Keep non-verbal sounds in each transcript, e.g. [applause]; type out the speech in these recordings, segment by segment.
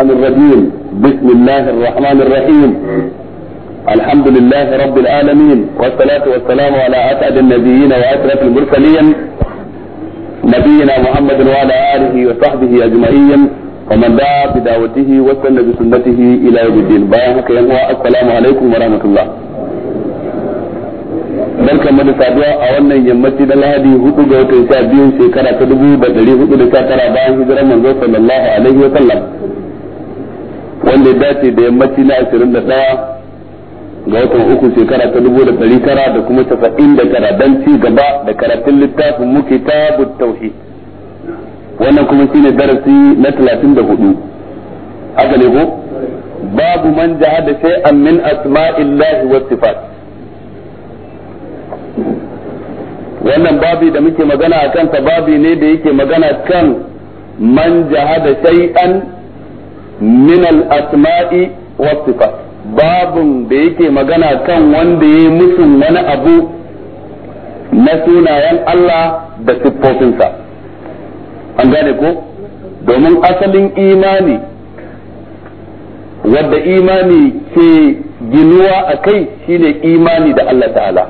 الرجيم بسم الله الرحمن الرحيم الحمد لله رب العالمين والصلاة والسلام على أسعد النبيين وأشرف المرسلين نبينا محمد وعلى آله وصحبه أجمعين ومن دعا بدعوته واستنى بسنته إلى يوم الدين بارك السلام عليكم ورحمة الله barkan mu saduwa a wannan yammaci da lahadi hudu ga watan sha biyun shekara ta dubu da dari hudu da sha tara bayan hijirar manzo sallallahu alaihi wa sallam wanda ya dace da yammaci na ashirin da ɗaya ga watan uku shekara ta dubu da ɗari tara da kuma tafa'in da tara don ci gaba da karatun littafin muke ta tauhid wannan kuma shine darasi na talatin da hudu haka ne ko babu man jahada shay'an min asma'illahi wa sifat wannan babi da muke magana a kansa babi ne da yake magana kan man jahada shay'an minal asmai was sifat babun da yake magana kan wanda yayi musun wani abu na sunayen Allah da siffofinsa an gane ko domin asalin imani wadda imani ke ginuwa a kai shine imani da Allah ta'ala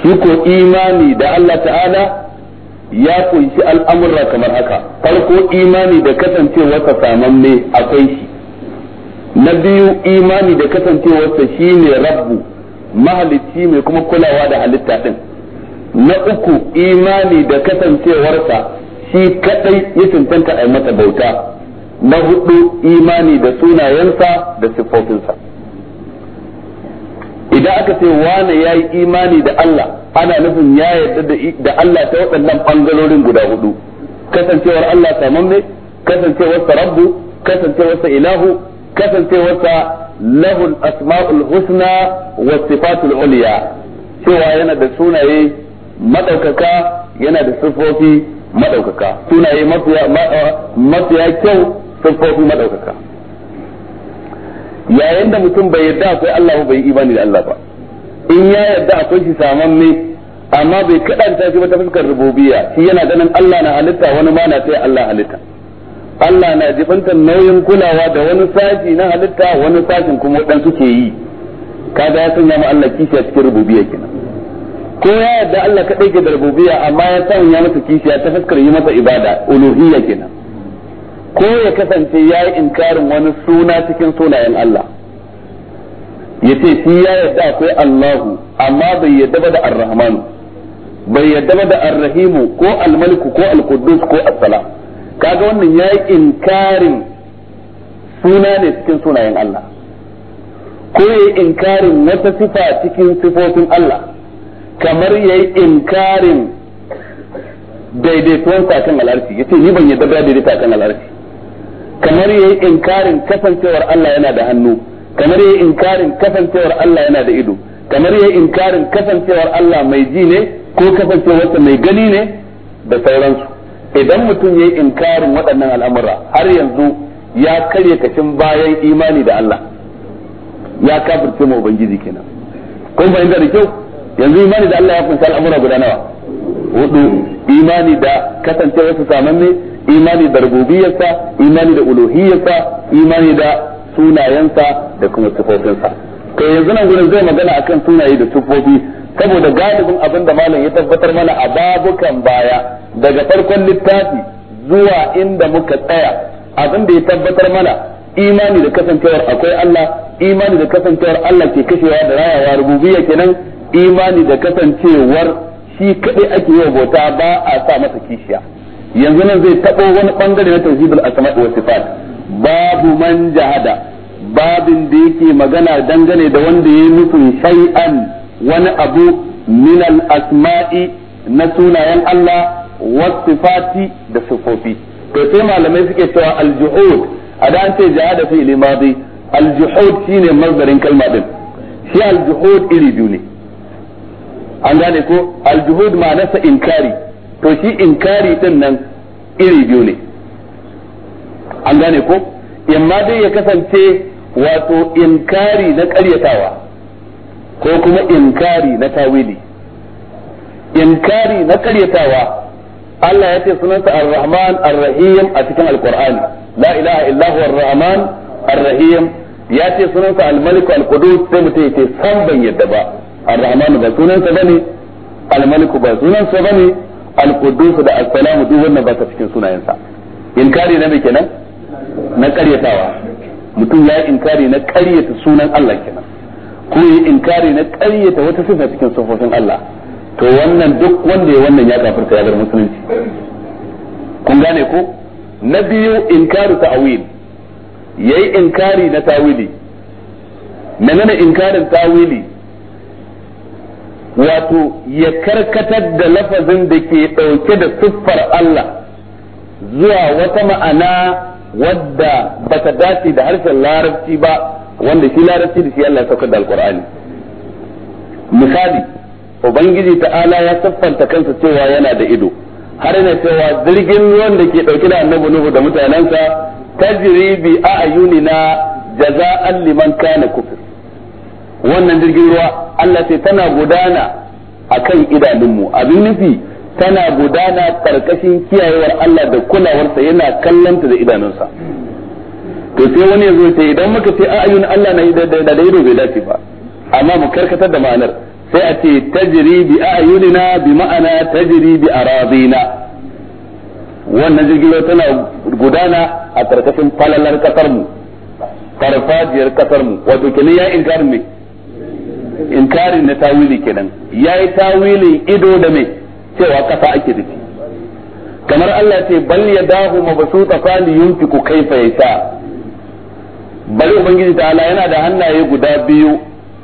shi ko imani da Allah ta'ala ya kunshi al'amurra kamar haka farko imani da kasancewarsa samamme akwai shi na biyu imani da kasancewarsa shine rabbu mahalicci mai kuma kulawa da halitta din na uku imani da kasancewarsa shi kadai ya cancanta a mata bauta na hudu imani da sunayensa da siffofinsa idan aka ce wane ya yi imani da Allah ana nufin ya yarda da Allah ta waɗannan bangarorin guda hudu kasancewar Allah samamme kasancewar sa rabbu kasancewar sa ilahu kasancewar sa lahul asma'ul husna wa sifatul ulya cewa yana da sunaye madaukaka yana da sifofi madaukaka sunaye mafiya mafiya kyau sifofi madaukaka yayin da mutum bai yarda akwai Allah ba bai imani da Allah ba in ya yarda akwai shi samamme amma bai kadanta shi ba ta fuskar rububiya shi yana ganin Allah na halitta wani ma na sai Allah halitta Allah na jibanta nauyin kulawa da wani sashi na halitta wani sashin kuma dan suke yi kaga ya sanya ma Allah kishiya cikin rububiyya kenan ko ya yarda Allah kaɗai ke da rububiya amma ya sanya masa kishiya ta fuskar yi masa ibada uluhiyya kenan ko ya kasance ya yi inkarin wani suna cikin sunayen Allah yace shi ya yarda akwai Allahu amma bai yarda ba da Ar-Rahman bai yarda ba da Ar-Rahim ko Al-Malik ko Al-Quddus ko As-Salam kaga wannan yayi inkarin suna ne cikin sunayen Allah ko yayi inkarin wata sifa cikin sifofin Allah kamar yayi inkarin daidaituwan sakan al'arfi yace ni ban yadda ba daidaita kan al'arfi kamar yayi inkarin kasancewar Allah yana da hannu kamar yayi inkarin kasancewar Allah yana da ido kamar yayi inkarin kasancewar Allah mai ji ne ko kasancewarsa mai gani ne da sauransu idan mutum yayi inkarin waɗannan al'amura har yanzu ya karya kashin bayan imani da Allah ya kafirce mu ubangiji kenan kun fahimta da kyau yanzu imani da Allah ya kunsa al'amura guda nawa hudu imani da sa samanne imani da rububiyarsa imani da uluhiyarsa imani da sunayensa da kuma tufofinsa to yanzu nan gudun zai magana akan sunaye da sifofi saboda galibin abin da malam ya tabbatar mana a babukan baya daga farkon littafi zuwa inda muka tsaya abin da ya tabbatar mana imani da kasancewar akwai Allah imani da kasancewar Allah ke kashewa da rayawa rububiyya kenan imani da kasancewar shi kaɗai ake yi bauta ba a sa masa kishiya yanzu nan zai taɓo wani bangare na tauhidul asma'i wa sifat babu man jahada babin da yake magana dangane da wanda ya yi nufin shay'an wani abu min al-asma'i na sunayen Allah sifati da sifofi to sai malamai suke cewa al-juhud a da an ce jahada fi limadi al-juhud shine mazdarin kalma din shi al-juhud iri biyu ne an gane ko al-juhud ma nasa inkari to shi inkari din nan iri biyu ne an gane ko imma dai ya kasance wato inkari na karyatawa ko kuma inkari na tawili inkari na karyatawa Allah ya ce sunansa ar-Rahman ar-Rahim a cikin Al-Qur'ani la ilaha illa huwa ar-Rahman ar-Rahim ya ce sunansa al-Malik al-Qudus sai mutum ya san ban yadda ba ar-Rahman ba sunansa bane al-Malik ba sunansa bane al-Qudus da as-Salamu duk wannan ba ta cikin sunayensa inkari na me kenan na karyatawa mutum ya yi inkari na karyata sunan Allah kenan ko ya inkari na karyata wata sifa cikin sufofin Allah to wannan duk wanda ya wannan ya kafirta ya bar musulunci kun gane ko na biyu inkari ta'wil yayi inkari na tawili menene inkarin tawili wato ya karkatar da lafazin da ke ɗauke da siffar Allah zuwa wata ma'ana wadda ba ta dace da harshen larabci ba wanda shi larabci da shi Allah ya saukar da alkur'ani misali ubangiji ta'ala ya siffanta kansa cewa yana da ido har yana cewa jirgin ruwan da ke dauke da annabi nuhu da mutanensa tajri bi a'yunina jaza'an liman kana kufir wannan jirgin ruwa Allah sai tana gudana akan idanunmu abin nufi tana gudana karkashin kiyayewar Allah da kulawarsa yana kallanta da idanunsa to sai wani yazo ta idan muka ce ayun Allah na da da ido bai dace ba amma mu karkatar da ma'anar sai a ce tajri bi ayunina bi ma'ana tajri bi aradina wannan jirgin tana gudana a karkashin falalar kasar mu farfajiyar kasar mu wato kenan ya inkarin me inkarin na tawili kenan yayi tawilin ido da me cewa kasa ake shi kamar Allah ce bal yadahu mabsuta fa li yunfiqu kayfa yasha bal ubangiji Allah yana da hannaye guda biyu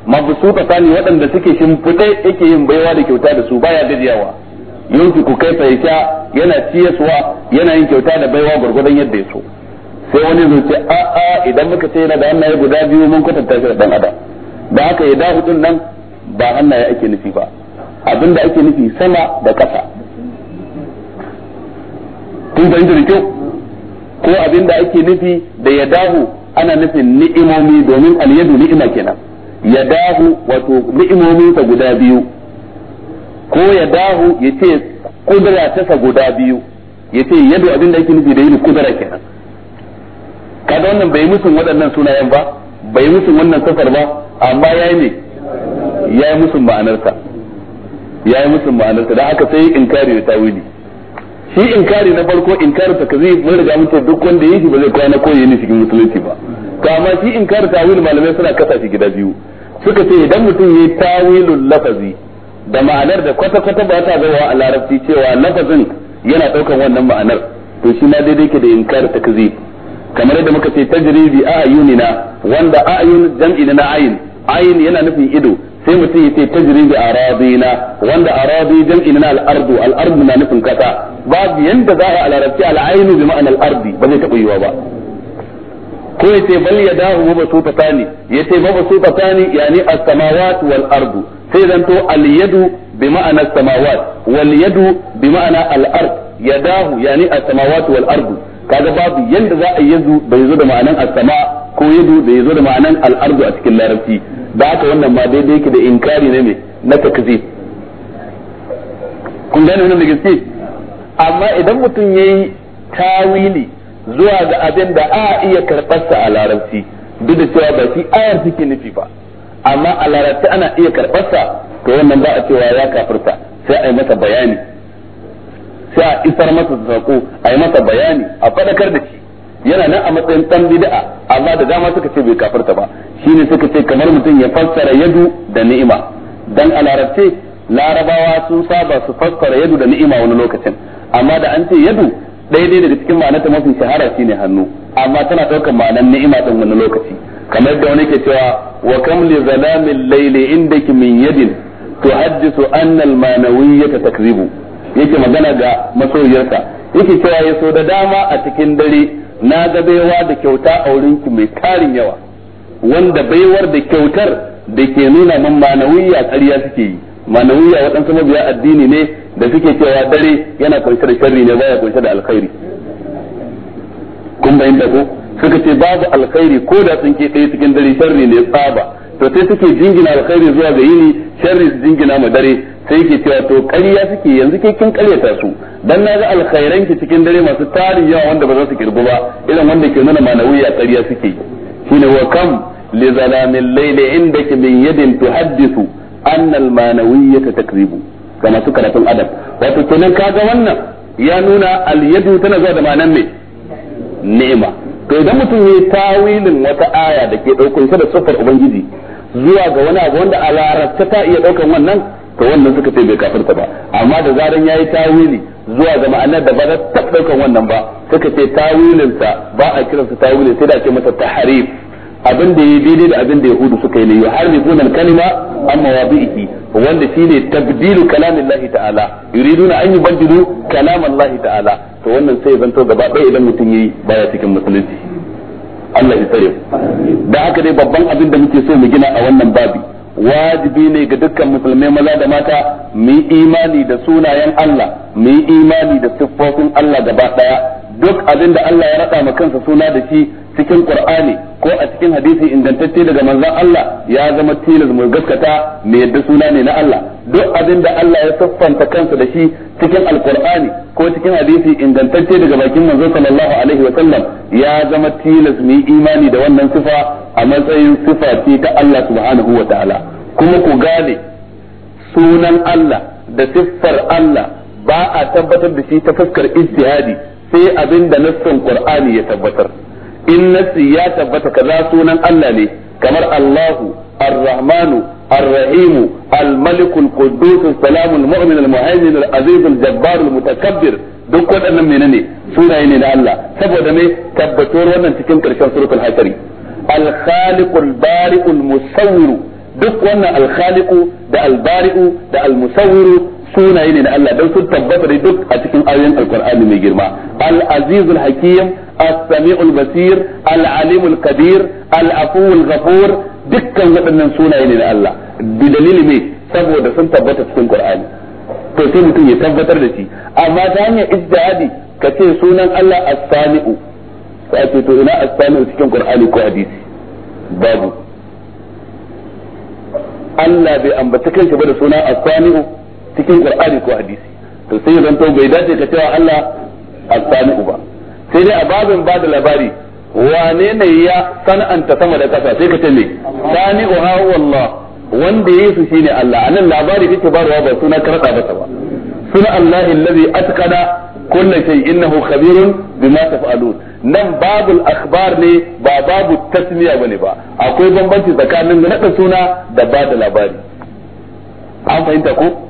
mabsuta fa ni waɗanda suke shimfide yake yin baiwa da kyauta da su baya gajiyawa yunfiqu kayfa yasha yana ciyaswa yana yin kyauta da baiwa gurgurdan yadda ya so sai wani zai ce a a idan muka ce yana da hannaye guda biyu mun kwatanta shi da dan adam da haka ya dahu din nan ba hannaye ake nufi ba abinda ake nufi sama da ƙasa kun fahimta da kyau ko abinda ake nufi da ya dahu ana nufin ni'imomi domin alyadu ni'ima kenan ya dahu wato ni'imominsa guda biyu ko ya dahu ya ce kudura sa guda biyu ya ce yadda abinda ake nufi da yin kudura kenan kada wannan bai musun waɗannan sunayen ba bai musun wannan safar ba amma ya yi ne ya yi musun ma'anarsa ya yi musu ma'anarsa da aka sai inkari da tawili shi inkari na farko inkari kazi mun riga mun duk wanda yake ba zai kwana ko yayi cikin musulunci ba to amma shi inkari tawili malamai suna kasa shi gida biyu suka ce idan mutum yayi tawilul lafazi da ma'anar da kwata kwata ba ta zawa a larabci cewa lafazin yana daukan wannan ma'anar to shi ma daidai ke da inkari kazi kamar yadda muka ce tajribi a ayunina wanda ayun jam'i na ayin ayin yana nufin ido sai mutum yace tajri bi aradina wanda aradi jam'i na al-ardu al-ardu na nufin kasa babu yanda za a larabci al-ainu bi ma'anar ardi ba zai taɓa yiwa ba ko yace bal yadahu mabsutatani yace mabsutatani yani as-samawati wal ardu sai zanto al-yadu bi ma'anar samawat wal yadu bi ma'ana al-ard yadahu yani as-samawati wal ardu kaga babu yanda za a yazu bai zo da ma'anan as-sama ko yadu bai zo da ma'anan al-ardu a cikin larabci da aka wannan ma daidai yake da inkari ne ne na takzi kun gane wannan da gaske amma idan mutum yayi tawili zuwa ga abin da a iya karɓar sa a larabci duk da cewa ba shi ayar take nufi ba amma a larabci ana iya karɓar sa to wannan ba a cewa ya kafirta sai a yi masa bayani sai a isar masa sako a yi masa bayani a faɗakar da shi yana nan a matsayin dan bid'a amma da dama suka ce bai kafirta ba shine suka ce kamar mutum ya fassara yadu da ni'ima dan a larabce larabawa sun saba su fassara yadu da ni'ima wani lokacin amma da an ce yadu daidai daga cikin ma'anarta mafi shahara shine hannu amma tana daukar ma'anar ni'ima din wani lokaci kamar da wani ke cewa wa kam li zalamin layli indaki min yadin tuhaddisu anna al-manawiyyata takzibu yake magana ga masoyiyarsa yake cewa ya so da dama a cikin dare na ga baiwa da kyauta a wurinki mai tarin yawa wanda baiwar da kyautar da ke nuna min manawiya ƙarya suke yi manawiya waɗansu mabiya addini ne da suke cewa dare yana kunshe da sharri ne baya kunshe da alkhairi kun bayin da ko suka ce babu alkhairi ko da ke ɗaya cikin dare sharri ne tsaba to sai suke jingina alkhairi zuwa ga yini sharri su jingina ma dare sai yake cewa to ƙarya suke yanzu ke kin ƙaryata su dan na ga alkhairan ki cikin dare masu tarin yawa wanda ba za su kirgu ba irin wanda ke nuna manawiya ƙarya suke shine wa kam li zalamil layli indaki min yadin tuhaddithu anna al manawiyata takribu ga masu karatun adam wato kenan kaga wannan ya nuna al yadu tana zuwa da ma'anan me ni'ima to idan mutum ya tawilin wata aya da ke ɗaukunsa da siffar ubangiji zuwa ga wani abu wanda a larabta ta iya daukan wannan to wannan suka ce bai kafirta ba amma da zaran yayi tawili zuwa ga ma'anar da ba za ta daukan wannan ba suka ce tawilinsa ba a kiransa tawili sai da ake masa taharif abin da ya daidai da abin da yahudu suka yi ne ya harbi kunan kalima amma wabi'iki wanda shine tabdilu kalamillahi Allah ta'ala yuriduna an yubaddilu kalaman Allah ta'ala to wannan sai zanto gaba ɗaya idan mutum yayi baya cikin musulunci Allah ya tsare da haka dai babban abin da muke so mu gina a wannan babi wajibi ne ga dukkan musulmai maza da mata mu imani da sunayen Allah mu imani da siffofin Allah gaba daya duk abin da Allah ya rada maka kansa suna da shi cikin Qur'ani ko a cikin hadisi ingantacce daga manzon Allah ya zama tilas mu gaskata me yadda suna ne na Allah duk abin da Allah ya siffanta kansa da shi cikin alkur'ani ko cikin hadisi ingantacce daga bakin manzo sallallahu alaihi wa sallam ya zama tilas mu imani da wannan sifa a matsayin sifa ce ta Allah subhanahu wa ta'ala kuma ku gane sunan Allah da siffar Allah ba a tabbatar da shi ta fuskar ijtihadi sai abin da nassin qur'ani ya tabbatar in nassi ya tabbata kaza sunan Allah ne kamar Allahu ar-Rahmanu الرحيم الملك القدوس السلام المؤمن المهيمن العزيز الجبار المتكبر duk waɗannan menene sunaye ne na Allah saboda me tabbatuwar wannan cikin ƙarshen surutul hasari al-khaliqul bari'ul musawwir duk wannan al-khaliqu da al-bari'u da al-musawwir sunaye ne na Allah dan sun tabbata da duk a cikin ayoyin alkur'ani mai girma al-azizul hakim as-sami'ul basir al-alimul kabir al-afuwul ghafur dukkan waɗannan sunaye ne na Allah bi dalili me saboda sun tabbata cikin Qur'ani to sai mutum ya tabbatar da shi amma ta hanyar ijtihadi ka ce sunan Allah as-sami'u ko a ce to ina as-sami'u cikin Qur'ani ko hadisi babu Allah bai ambaci kanshi ba da suna as-sami'u cikin Qur'ani ko hadisi to sai zan to bai dace ka cewa Allah as-sami'u ba sai dai a babin ba da labari wane ne ya san'anta sama da kasa sai ka ce me sani uha wallah wanda yi su shine Allah anan labari kake barwa ba suna karka da ba suna Allah allazi atqada kullu shay innahu khabirun bima taf'alun nan babul akhbar ne ba babu tasmiya bane ba akwai bambanci tsakanin nada suna da ba da labari an fahimta ko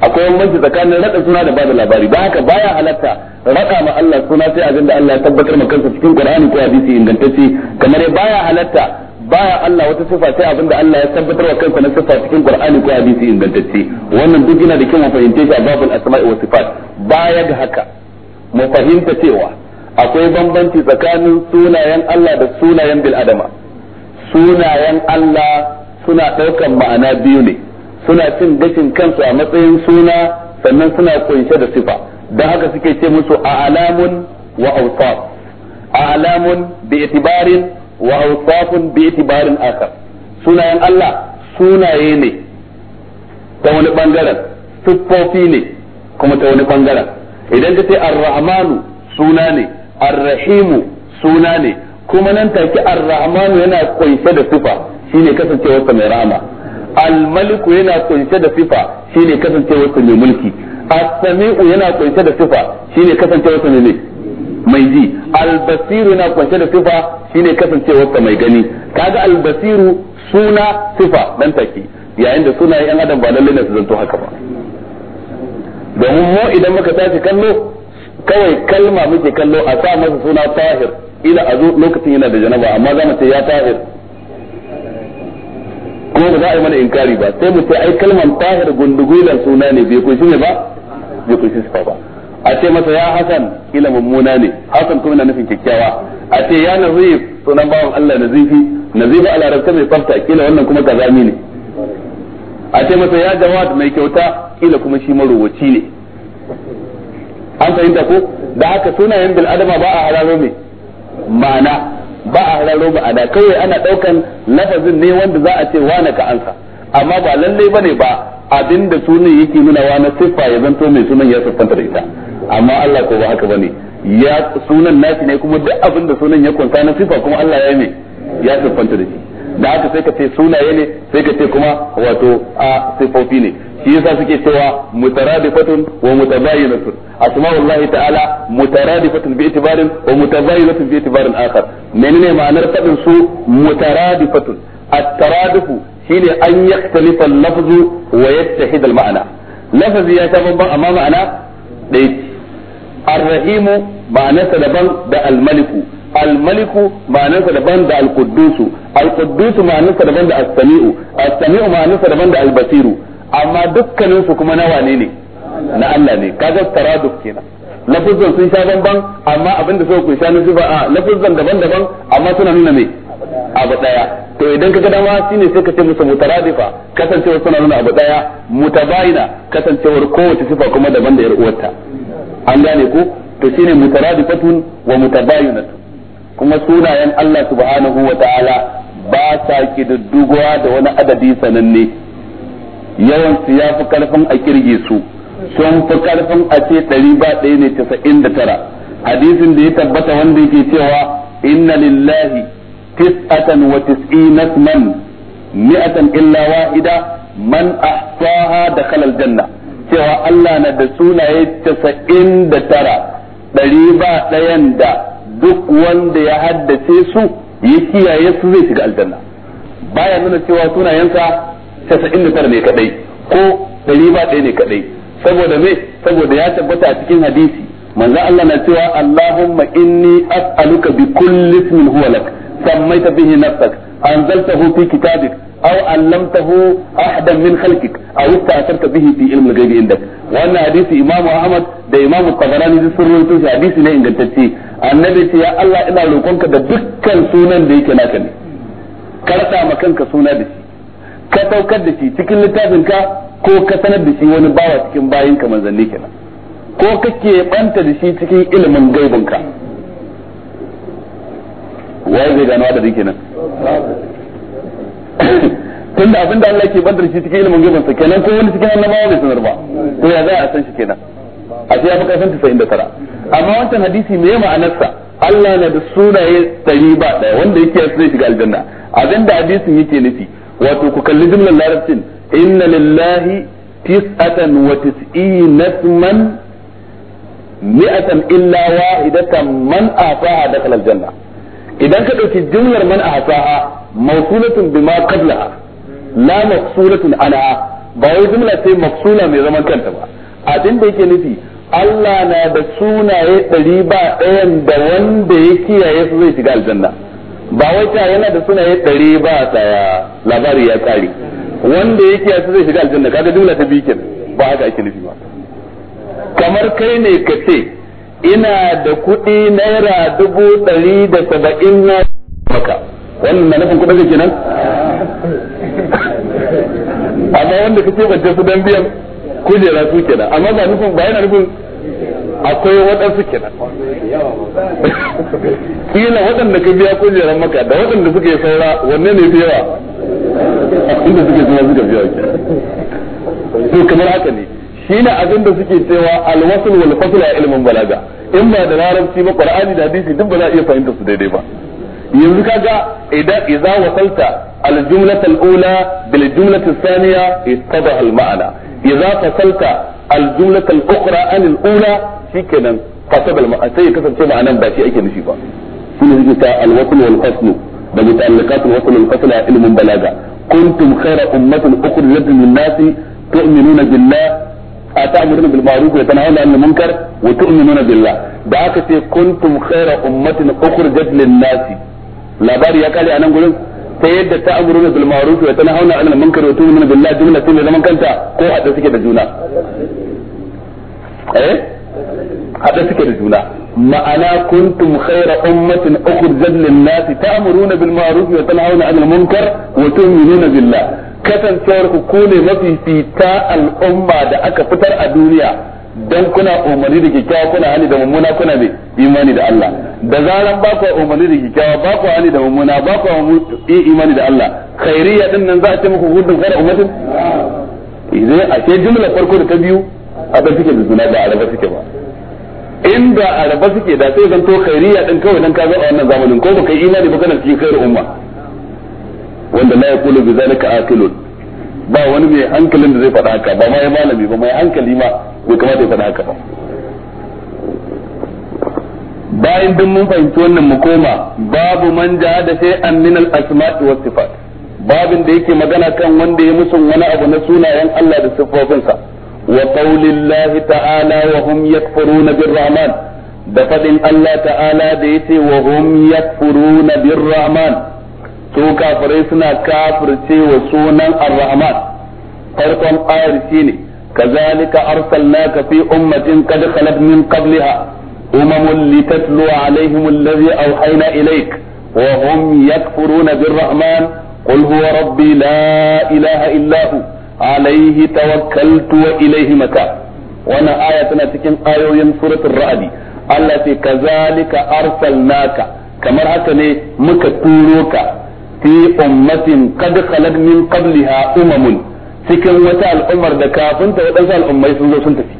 akwai bambanci tsakanin rada suna da bada labari ba haka baya halatta rada ma Allah suna sai abinda Allah ya tabbatar ma kansa cikin Qur'ani ko hadisi ingantacce kamar baya halatta baya Allah wata sifa sai abinda Allah ya tabbatar wa kansa na sifa cikin Qur'ani ko hadisi ingantacce wannan duk yana da kyau mu fahimce shi a babul asma'i wa sifat baya ga haka mu fahimta cewa akwai bambanci tsakanin sunayen Allah da sunayen bil adama sunayen Allah suna ɗaukan ma'ana biyu ne suna cin gashin kansu a matsayin suna sannan suna kunshe da sifa don haka suke ce musu a'lamun wa awsaf a'lamun bi itibarin wa awsafun bi itibarin akar sunayen Allah sunaye ne ta wani bangaren siffofi ne kuma ta wani bangaren idan ka ce ar-rahmanu suna ne ar suna ne kuma nan take ar-rahmanu yana kunshe da sifa shine kasancewarsa mai rahama almaliku yana kunshe da sifa shine kasancewar sa mai mulki as-sami'u yana kunshe da sifa shine kasancewar sa mai mai ji al-basiru yana kunshe da sifa shine kasancewar sa mai gani kaga al-basiru suna sifa dan take yayin da suna yan adam ba lalle ne su zanto haka ba domin mu idan muka tashi kallo kawai kalma muke kallo a sa masa suna tahir ila a lokacin yana da janaba amma za mu ce ya tahir kuma ba za a yi mana inkari ba sai mu ce ai kalman tahir gundugulan suna ne bai kunshi ne ba bai kunshi sifa ba a ce masa ya hasan kila mummuna ne hasan kuma na nufin kyakkyawa a ce ya nazif sunan bawan Allah nazifi nazifa a larabta mai tsafta kila wannan kuma kazami ne a ce masa ya jawad mai kyauta kila kuma shi marowaci ne an fahimta ko da haka sunayen bil adama ba a hararo mai ma'ana ba a hararo ba ada kawai ana daukan lafazin ne wanda za a ce wane ka ansa amma ba lalle bane ba abinda sunan yake nuna wani siffa ya zanto mai sunan ya siffanta da ita amma Allah ko ba haka bane ya sunan nashi ne kuma duk abinda sunan ya kunta na siffa kuma Allah ya yi ya siffanta da shi da haka sai ka ce sunaye ne sai ka ce kuma wato a siffofi ne shi yasa suke cewa mutaradifatun wa mutabayinatun asma'ullahi ta'ala mutaradifatun bi itibarin wa mutabayinatun bi itibarin akhar menene ma'anar fadin su mutaradifatun at-taradifu shine an yaktalifa al-lafzu wa yattahid al-ma'na lafazi ya ta babban amma ma'ana dai ar-rahimu ma'anarsa daban da al-maliku الملك معناه دبان دا القدوس القدوس معناه دبان دا السميع السميع معناه دبان دا البصير amma dukkanin su kuma na wane ne na Allah ne kaga taraduf kenan lafuzan sun sha banban amma abinda suka sha nufi sifa a lafuzan daban-daban amma suna nuna me abu daya to idan ka ga dama shine sai ka ce musu mutaradifa kasancewar suna nuna abu daya mutabaina kasancewar kowace sifa kuma daban da yar uwarta an gane ku to shine mutaradifatun wa mutabayinatun kuma sunayen Allah subhanahu wa ta'ala ba sa kididdugowa da wani adadi sananne yawan su ya fi karfin a kirge su sun fi karfin a ce ɗari ba ɗaya ne casa'in da tara hadisin da ya tabbata wanda yake cewa inna lillahi tis'atan wa tis'ina man mi'atan illa wahida man ahsaha dakhala janna cewa Allah na da sunaye casa'in da tara ɗari ba ɗayan da duk wanda ya haddace su ya kiyaye su zai shiga aljanna baya nuna cewa sunayensa casa'in da tara ne kadai ko ɗari ba ɗaya ne kadai saboda me saboda ya tabbata a cikin hadisi manzo Allah na cewa Allahumma inni as'aluka bi kulli ismin huwa lak sammaita bihi nafsak anzaltahu fi kitabik aw allamtahu ahadan min khalqik aw ista'sarta bihi fi ilmi ghaibi indak wannan hadisi Imam Ahmad da Imam Tabarani sun rawaito shi hadisi ne ingantacce annabi ce ya Allah ina roƙonka da dukkan sunan da yake naka ne karɗa ma kanka suna da shi ka saukar da shi cikin littafin ka ko ka sanar da shi wani bawa cikin bayin ka manzanni kenan ko kake banta da shi cikin ilimin gaibin ka wai zai gano adadin kenan tunda abin da Allah ke banta da shi cikin ilimin gaibin sa kenan ko wani cikin annabawa bai sanar ba to ya za a san shi kenan a ce ya fi da tara. amma wancan hadisi me ma'anarsa Allah na da sunaye ɗari ba daya wanda yake zai shiga aljanna abinda hadisin yake nufi wato ku kalli jumlar larabcin inna lillahi tis'atan wa tis'ina man mi'atan illa wahidatan man ataha dakhala aljanna idan ka dauki jumlar man ataha mawsulatun bima qablaha la mafsulatun anha ba wai jumla sai mafsula mai zaman kanta ba abin da yake nufi Allah na da sunaye ɗari ba ɗayan da wanda ya kiyaye su zai shiga aljanna ba wai ta yana da sunaye ɗari ba tsaya labari ya tsari wanda yake ya zai shiga aljanna kaga jumla ta biyu kenan ba haka ake nufi ba kamar kai ne ka ce ina da kuɗi naira dubu ɗari da saba'in na maka wannan na nufin kuɗin kenan amma wanda kace bance su dan biyan kujera su kenan amma ba nufin ba yana nufin akwai waɗansu kenan kila waɗanda ka biya kujerar maka da waɗanda suka yi saura wanne ne fi yawa inda suke kuma suka biya ke to kamar haka ne shine abin da suke cewa alwasul wal fasl a ilmin balaga in ba da larabci ba qur'ani da hadisi duk ba za a iya fahimta su daidai ba yanzu kaga idan idza wasalta al jumlata al ula bil jumlata al thaniya ittaba al ma'ana idza fasalta al jumlata al ukhra an al ula shikenan kasabal ma sai ya kasance ma'anan ba shi ake nufi ba shine yake ta alwakul wal fasl da mutallaqat al-wasl wal fasl a ilmin balaga kuntum khayra ummatin ukhrijat lin nasi tu'minuna billah ata'muruna bil ma'ruf wa tanhauna 'anil أتأمرون بالمعروف وتنهون عن المنكر وتؤمنون بالله دعك كنتم خير أمة أخرجت للناس لا باري يكالي أنا gurin ta yadda ta amuruna bil ma'ruf wa tanhauna 'anil munkar wa tu'minuna billah jumla tun da zaman kanta ko a suke da juna eh haɗe suke da juna ma'ana kuntum khayra ummatin ukhrijat lin-nasi ta'muruna bil ma'ruf wa tanhauna 'anil munkar wa tu'minuna billah kasancewar ku ku ne mafi fita al'umma da aka fitar a duniya dan kuna umarni da kyakkyawa kuna da mummuna kuna ne imani da Allah da zaran ba ku umarni da ba ku da mummuna ba ku imani da Allah khairiyya din nan za a ce muku gudun ummatin idan a ce farko da ta biyu haɗin suke da juna da araba suke ba inda araba suke da sai to khairiyya din kawai dan ka zo a wannan zamanin ko baka imani ba kana cikin khairu umma wanda la yaqulu bi zalika aqilun ba wani mai hankalin da zai faɗa haka ba ma ya malami ba mai hankali ma bai kamata ya faɗa haka ba bayan duk mun fahimci wannan mu koma babu man da sai an min al asma'i was sifat babin da yake magana kan wanda ya musun wani abu na sunayen Allah da siffofinsa وقول الله تعالى وهم يكفرون بالرحمن دفد الله تعالى ديت وهم يكفرون بالرحمن تو كافرسنا كافر تي وسونا الرحمن قرطم آرسيني كذلك أرسلناك في أمة قد خلت من قبلها أمم لتتلو عليهم الذي أوحينا إليك وهم يكفرون بالرحمن قل هو ربي لا إله إلا هو alaihi tawakkaltu wa ilaihi mata wannan aya tana cikin ayoyin suratul ra'd Allah ce kazalika arsalnaka kamar haka ne muka turo ka fi ummatin qad khalat min qabliha umamun cikin wata al'ummar da kafin ta wadansu al'ummai sun zo sun tafi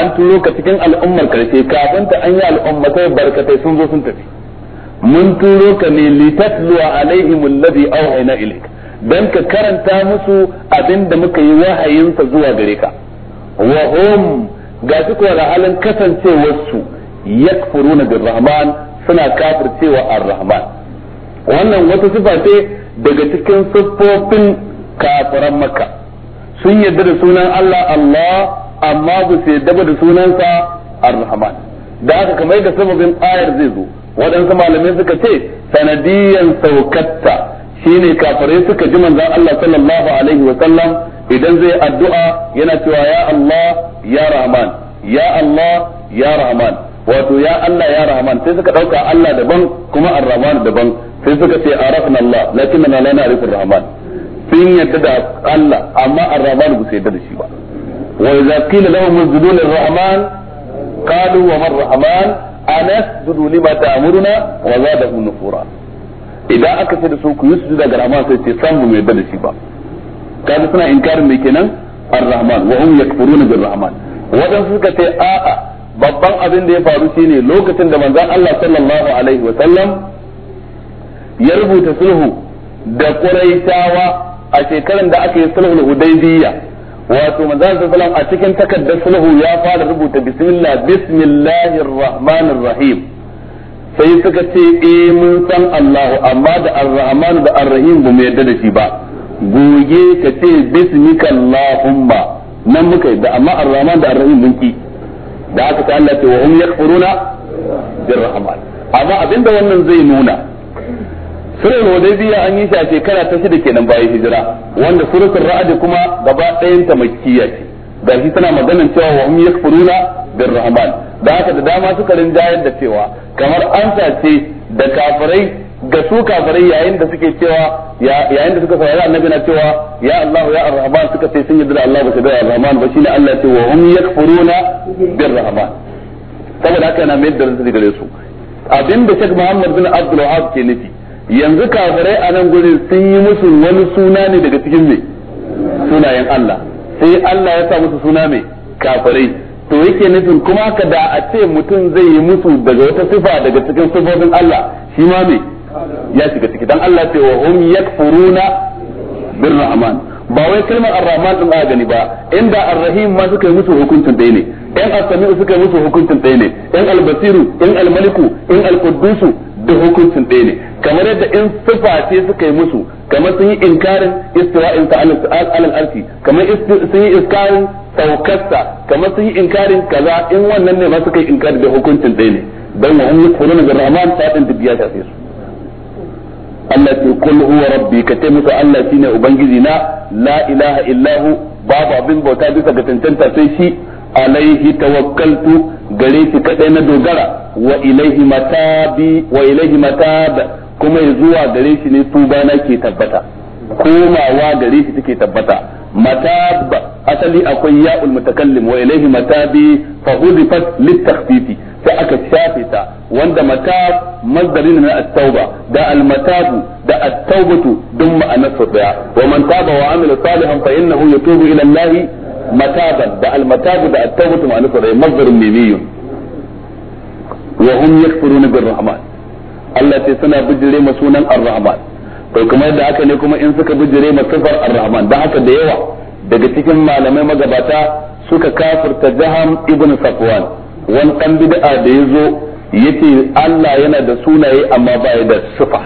an turo ka cikin al'ummar karshe kafin ta an yi al'ummatai barkatai sun zo sun tafi mun turo ka ne litatluwa alaihim alladhi awhayna ilayka dan ka karanta musu abin da muka yi wahayinsa zuwa gare ka wa hum ga su kuwa halin kasancewarsu yakfuruna rahman suna kafircewa ar-rahman wannan wata sifa ce daga cikin siffofin kafiran makka sun yarda da sunan Allah Allah amma ba su yarda da sunansa ar-rahman da haka kamar da sababin ayar zai zo waɗansu malamai suka ce sanadiyan saukatta shine kafirai suka ji manzon Allah sallallahu alaihi wa sallam idan zai addu'a yana cewa ya Allah ya Rahman ya Allah ya Rahman wato ya Allah ya Rahman sai suka dauka Allah daban kuma Ar-Rahman daban sai suka ce arafna Allah lakinna la na'rifu Ar-Rahman sun yadda da Allah amma Ar-Rahman ba su yadda da shi ba wa idza qila lahum isjudu lir-Rahman qalu wa man Rahman anasjudu lima ta'muruna wa zadahum nufura idan aka ce da su ku yi su daga rahman sai ce san mai yadda da shi ba kaga suna inkarin mai kenan ar-rahman wa hum yakfuruna bir rahman wadan suka ce a'a babban abin da ya faru shine lokacin da manzon Allah sallallahu alaihi wa sallam ya rubuta sulhu da Quraishawa a shekaran da aka yi sulhul Hudaybiyya wato manzon sallallahu a cikin takaddar sulhu ya fara rubuta bismillah bismillahir rahmanir rahim sai suka ce eh mun san Allah amma da Ar-Rahman da Ar-Rahim ba mu yarda da shi ba goge ka ce bismika Allahumma nan muka yarda amma Ar-Rahman da Ar-Rahim mun ki da aka ta Allah ce wa hum yakfuruna bir-Rahman amma abinda wannan zai nuna surar Hudaybiya an yi shi a shekara ta shida kenan bayan hijira wanda suratul Ra'd kuma gaba ɗayan ta makkiya ce gashi tana maganan cewa wa hum yakfuruna bir-Rahman da aka da dama suka rinjayar da cewa kamar an sace da kafirai ga su kafirai yayin da suke cewa yayin da suka saurari annabi na cewa ya Allah ya Ar-Rahman suka ce sun yi da Allah ba shi da Ar-Rahman ba shine Allah ya ce wa hum yakfuruna bir Rahman saboda haka yana mai da su gare su abinda Sheikh Muhammad bin Abdul Wahab ke nufi yanzu kafirai a nan gurin sun yi musu wani suna ne daga cikin me sunayen Allah sai Allah ya sa musu suna me kafirai to yake nufin kuma ka da a ce mutum zai yi musu daga wata sifa daga cikin sifofin Allah shi ma me ya shiga ciki dan Allah ce wa hum yakfuruna birrahman ba wai kalmar ar-rahman din gani ba inda ar-rahim ma suka yi musu hukuncin ɗaya ne ɗan as-sami'u suka yi musu hukuncin ɗaya ne ɗan al-basiru ɗan al-maliku ɗan al-quddusu da hukuncin ɗaya ne kamar yadda in sifa ce suka yi musu kamar sun yi inkarin istira'in ta alal arsi kamar sun yi iskarin saukarsa kamar sun yi inkarin kaza in wannan ne ma suka inkarin da hukuncin ɗaya ne dan wa hum yakfuruna bir rahman fadin dubiya ta fi su Allah ce kul huwa rabbi ka ce musu Allah shine ubangiji na la ilaha illahu babu abin bauta bisa ga tantanta sai shi alaihi tawakkaltu gare shi kadai na dogara wa ilaihi matabi wa ilaihi matab kuma zuwa gare shi ne tuba na ke tabbata komawa gare shi take tabbata متاب أصلي أقول المتكلم وإليه متابي فحذفت للتخفيف فأك الشافتة وند متاب مصدرين من التوبة دا المتاب دا التوبة دم أنفر ومن تاب وعمل صالحا فإنه يتوب إلى الله متابا دا المتاب دا التوبة دم أنفر مصدر ميمي وهم يكفرون بالرحمن التي سنة بجري مسونا الرحمن to kuma yadda haka ne kuma in suka bijire masifar ar-rahman da haka da yawa daga cikin malamai magabata suka kafirta jaham ibn safwan wani dan bid'a da yazo yace Allah yana da sunaye amma ba ya da sifa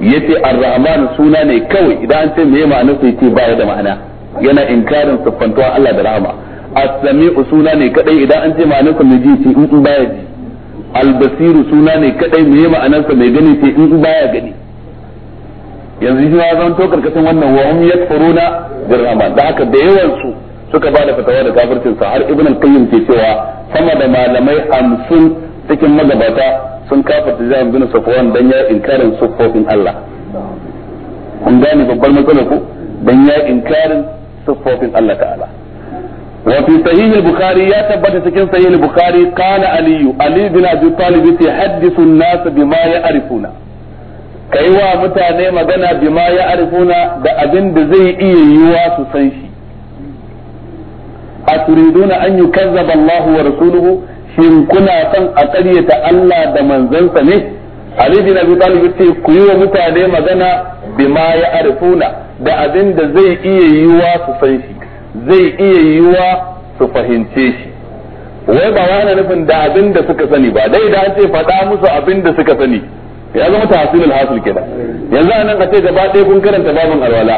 yace ar-rahman suna ne kawai idan an ce me ma'ana sai ce ba ya da ma'ana yana inkarin siffantuwa Allah da rahama as-sami'u suna ne kadai idan an ce ma'anarsa sa ji ce in baya ji al-basiru suna ne kadai me ma'anar sa mai gani ce in baya gani yanzu shi ya zan to karkashin wannan wa hum yakfuruna birrahman da haka da yawan su suka bada da fatawa da kafircin sa har ibn al-qayyim ke cewa sama da malamai 50 cikin magabata sun kafirta jami'in bin safwan dan ya inkarin sufofin Allah kun gane babbar matsalar ku dan ya inkarin sufofin Allah ta'ala وفي صحيح البخاري يا تبت سكن صحيح البخاري قال علي علي بن ابي طالب يحدث الناس بما يعرفون kai wa mutane magana bima ya arifuna da abin da zai iya yiwa su san shi A turiduna an yukazzaba Allahu wa rasuluhu shin kuna son a karyata Allah da manzansa ne Ali na bi Talib ce ku yi wa mutane magana bima ya arifuna da abin da zai iya yiwa su san shi zai iya yiwa su fahimce shi wai ba wani nufin da abin da suka sani ba dai da an ce faɗa musu abin da suka sani ya zama hasilul hasil kenan yanzu anan a ce gaba ɗaya kun karanta babin alwala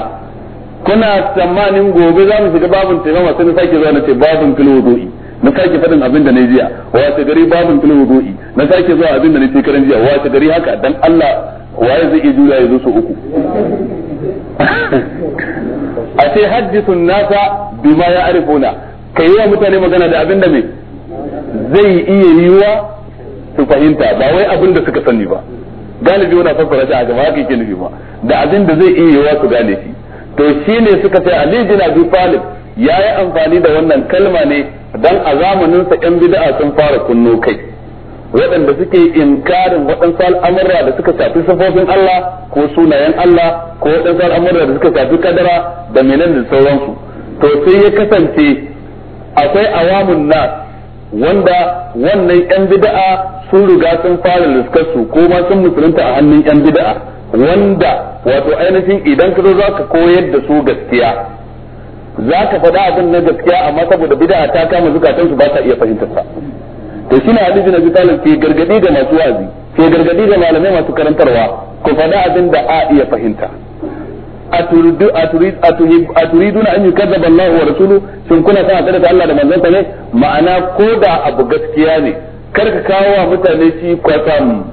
kuna tsammanin gobe za mu shiga babin taimama sai na sake zuwa na ce babin fil wudu'i na sake faɗin abin da na jiya wace gari babin fil wudu'i na sake zuwa abin da na ce karan jiya wace gari haka dan Allah waye zai iya jura ya zo su uku [laughs] a ce hadisun nasa bima ya arifuna kai wa mutane magana da abin da me zai iya yiwa su fahimta ba wai abin da suka sani ba galibi wani kwakwara shi a gaba haka yake nufi ba da abin da zai iya yiwa su gane shi to ne suka ce Ali bin Abi Talib yi amfani da wannan kalma ne dan a zamaninsa sa yan bid'a sun fara kunno kai waɗanda suke inkarin waɗansu al'amura da suka shafi sifofin Allah ko sunayen Allah ko waɗansu al'amura da suka shafi kadara da menene da sauransu to sai ya kasance akwai awamun nas wanda wannan yan bid'a sun riga sun fara luskarsu ko ma sun musulunta a hannun yan bid'a wanda wato ainihin idan ka zo za ka koyar da su gaskiya za ka faɗa abin na gaskiya amma saboda bid'a ta kama zukatansu ba ta iya fahimtar sa to shi ne bin na Talib ke gargadi ga masu wazi ke gargadi da malamai masu karantarwa ku faɗa abin da a iya fahimta aturidu aturid atuhib aturiduna an yukazzaba Allah wa rasuluhu shin kuna sa kada ta Allah da manzon ne ma'ana ko da abu gaskiya ne kar ka kawo wa mutane shi kwatam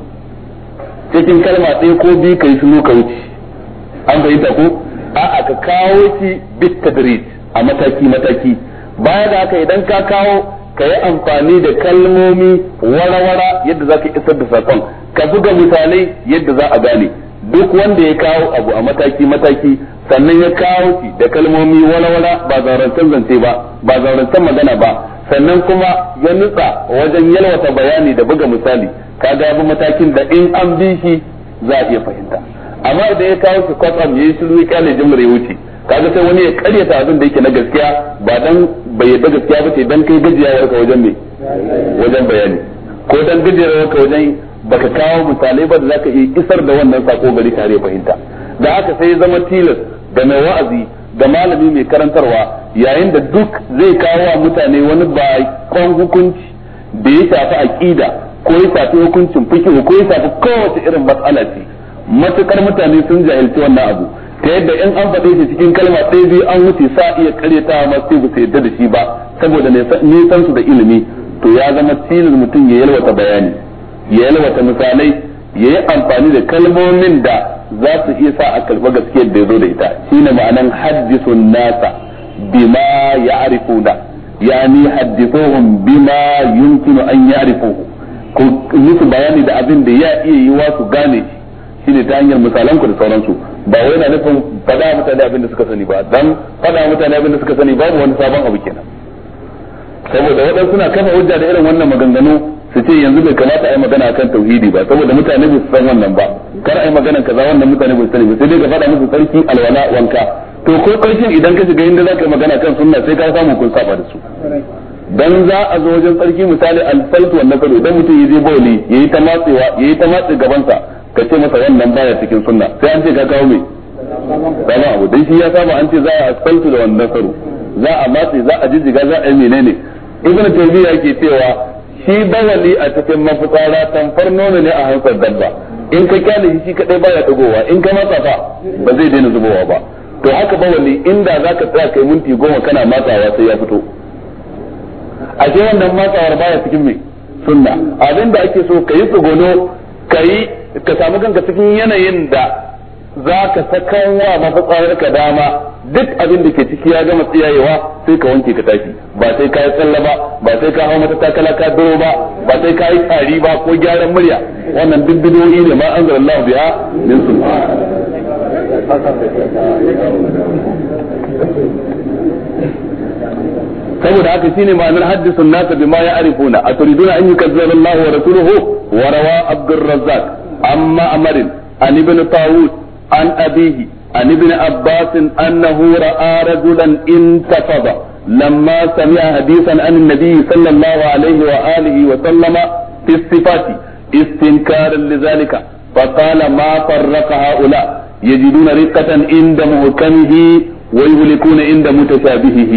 cikin kalma ɗaya ko bi kai sunu ka wuce an fahimta ko a'a ka kawo shi bit tadrij a mataki mataki baya da haka idan ka kawo ka yi amfani da kalmomi wara-wara yadda za ka isar da saƙon ka buga misalai yadda za a gane duk wanda ya kawo abu a mataki mataki sannan ya kawo shi da kalmomi wala-wala ba zaurancen zance ba ba zaurancen magana ba sannan kuma ya nutsa wajen yalwata bayani da buga misali ka ya bi matakin da in an bi shi za a iya fahimta amma da ya kawo shi kwatsam ya yi shirin ya kyale jimar ya wuce kaga sai wani ya karyata abin da yake na gaskiya ba dan bai yadda gaskiya ba ce dan kai gajiyawar wajen ne. wajen bayani ko dan gajiyawar ka wajen baka kawo misalai ba da zaka iya isar da wannan sako gari tare fahimta da aka sai zama tilas da mai wa'azi da malami mai karantarwa yayin da duk zai kawo wa mutane wani bakon hukunci da ya shafi aqida ko ya shafi hukuncin fiki ko ya shafi kowace irin matsala ce matukar mutane sun jahilci wannan abu ta yadda in an faɗe shi cikin kalma ɗaya biyu an wuce sa iya karyata ma sai ba su yadda da shi ba saboda nisan su da ilimi to ya zama tilas mutum ya yalwata bayani ya yalwata misalai ya yi amfani da kalmomin da za su iya sa a karɓa gaskiyar da ya zo da ita ne ma'anan haddisun nasa bima ya'rifuna yani haddithuhum bima yumkinu an arifu ku musu bayani da abin da ya iya yi wa su gane ne ta hanyar misalan ku da sauransu ba wai na nufin a mutane abin da suka sani ba dan faɗa mutane abin da suka sani babu wani sabon abu kenan saboda waɗansu na kafa hujja da irin wannan maganganu su ce yanzu bai kamata a yi magana akan tauhidi ba saboda mutane ba su san wannan ba kar a yi magana kaza wannan mutane ba su sani ba sai dai ka faɗa musu sarki alwala wanka to ko karshen idan ka shiga inda za ka yi magana kan sunna sai ka samu kun saba da su dan za a zo wajen sarki misali alfaltu wannan kado idan mutum ya je bauli yayi ta matsewa yayi ta matse gabansa ka ce masa wannan baya cikin sunna sai an ce ka kawo mai sama abu dan shi ya saba an ce za a asfaltu da wannan karo za a matse za a jijjiga za a yi menene ibnu taymiya yake cewa shi bawali a cikin mafitsara tamfar nono ne a hansar dabba in ka kyale shi kadai baya dagowa in ka matsa fa ba zai daina zubowa ba to haka bawali inda zaka tsaya kai minti goma kana matsawa sai ya fito ce wannan matsawar baya cikin me sunna Abinda ake so kayi tsugono kayi ka samu kanka cikin yanayin da za ka sakan wa mafitsararka dama duk abin da ke ciki ya gama tsiyayewa sai ka wanke ka tashi ba sai ka yi tsalla ba ba sai ka hau mata takala ka doro ba ba sai ka yi tsari ba ko gyaran murya wannan duk bidoyi ne ma an zarallahu biya min su saboda haka shine ma'anar haddisun nasa ma ya arifuna a turiduna an yi kazzalallahu wa rasuluhu wa rawa abdurrazzaq amma amarin an ibn an abihi an ibn abbas annahu ra'a rajulan intafada lamma sami'a hadisan an nabi sallallahu alaihi wa alihi wa sallama fi sifati istinkaran lidhalika فقال ما فرق هؤلاء يجدون رقة عند محكمه ويهلكون عند متشابهه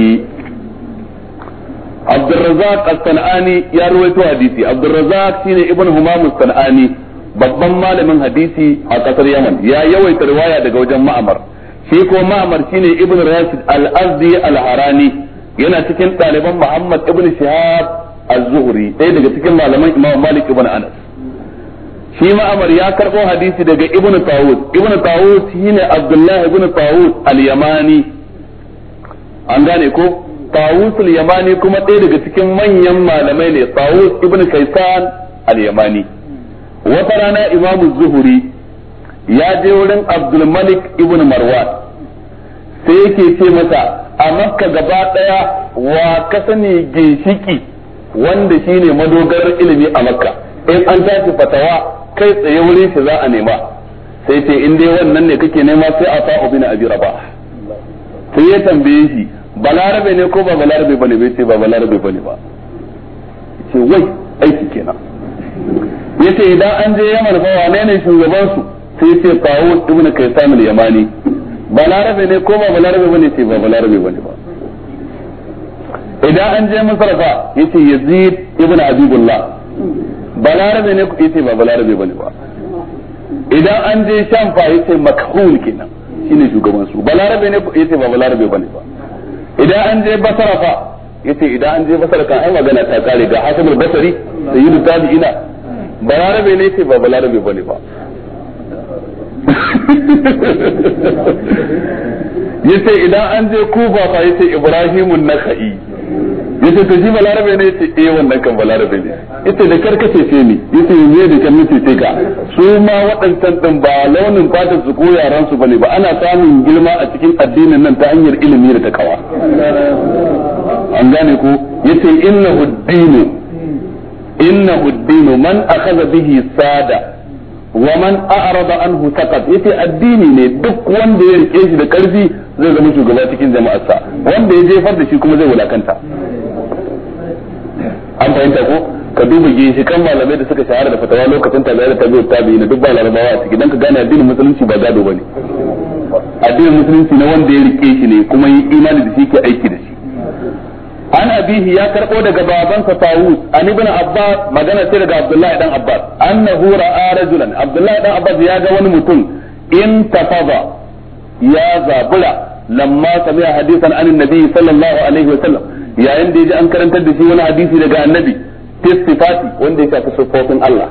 عبد الرزاق الصنعاني يا حديثي عبد الرزاق شيني ابن همام الصنعاني babban malamin hadisi a kasar Yaman ya yawaita riwaya daga wajen Ma'mar shi ko Ma'mar shine Ibn Rashid al-Azdi al-Harani yana cikin ɗaliban Muhammad Ibn Shihab az-Zuhri ɗaya daga cikin malaman Imam Malik Ibn Anas shi Ma'mar ya karɓo hadisi daga Ibn Tawud Ibn Tawud shine Abdullah Ibn Tawud al-Yamani an gane ko Tawus al-Yamani kuma ɗaya daga cikin manyan malamai ne Tawus Ibn Kaysan al-Yamani wata rana imamu zuhuri ya je wurin abdulmalik ibn marwan sai yake ce masa a makka gaba daya wa ka sani ginshiki wanda shine madogarar ilimi a makka in an tashi fatawa kai tsaye wurin shi za a nema sai ce in dai wannan ne kake nema sai a sa'u bin abi raba sai ya tambaye shi balarabe ne ko ba balarabe bane bai ce ba balarabe bane ba ce wai aiki kenan yace idan an je Yaman fa wane ne shugaban su sai ce Tawus ibnu Kaysan al-Yamani balarabe ne ko ba balarabe bane ce ba balarabe bane ba idan an je masar fa yace Yazid ibnu abdullah balarabe ne yace ba balarabe bane ba idan an je Sham fa yace Makhul kenan shine shugaban su balarabe ne yace ba balarabe bane ba idan an je Basra fa yace idan an je masar kan ai magana ta kare ga basari al-basri sayyidu tabi'ina balarabe ne ce ba balarabe bane ba [laughs] yace idan an je kufa fa yace ibrahimun nakhai yace to ji balarabe ne yace eh wannan kan balarabe ne yace da karkace ce ni yace ne da kan nace ce ka su ma waɗancan din ba launin fatar su ko yaran su bane ba ana samun girma a cikin addinin nan ta hanyar ilimi da takawa an gane ko yace inna dinu inna dinu man akhadha bihi sada wa man a'rada anhu saqat yace addini ne duk wanda ya rike shi da karfi zai zama shugaba cikin jama'arsa wanda ya jefar da shi kuma zai wulakanta an fahimta ko ka duba ginshikan malamai da suka shahara da fatawa lokacin tabi'a da tabi'ut tabi'i na duk ba larabawa a ciki dan ka gane addinin musulunci ba gado bane addinin musulunci na wanda ya rike shi ne kuma yi imani da shi ke aiki da shi an abihi ya karbo daga babansa Tawus an ibn Abbas magana ce daga Abdullahi dan Abbas annahu ra'a rajulan Abdullahi dan Abbas ya ga wani mutum in tafaza ya zabula lamma sami'a hadisan an annabi sallallahu alaihi wa yayin da ya ji an karantar da shi wani hadisi daga annabi tistifati wanda ya shafi sufofin Allah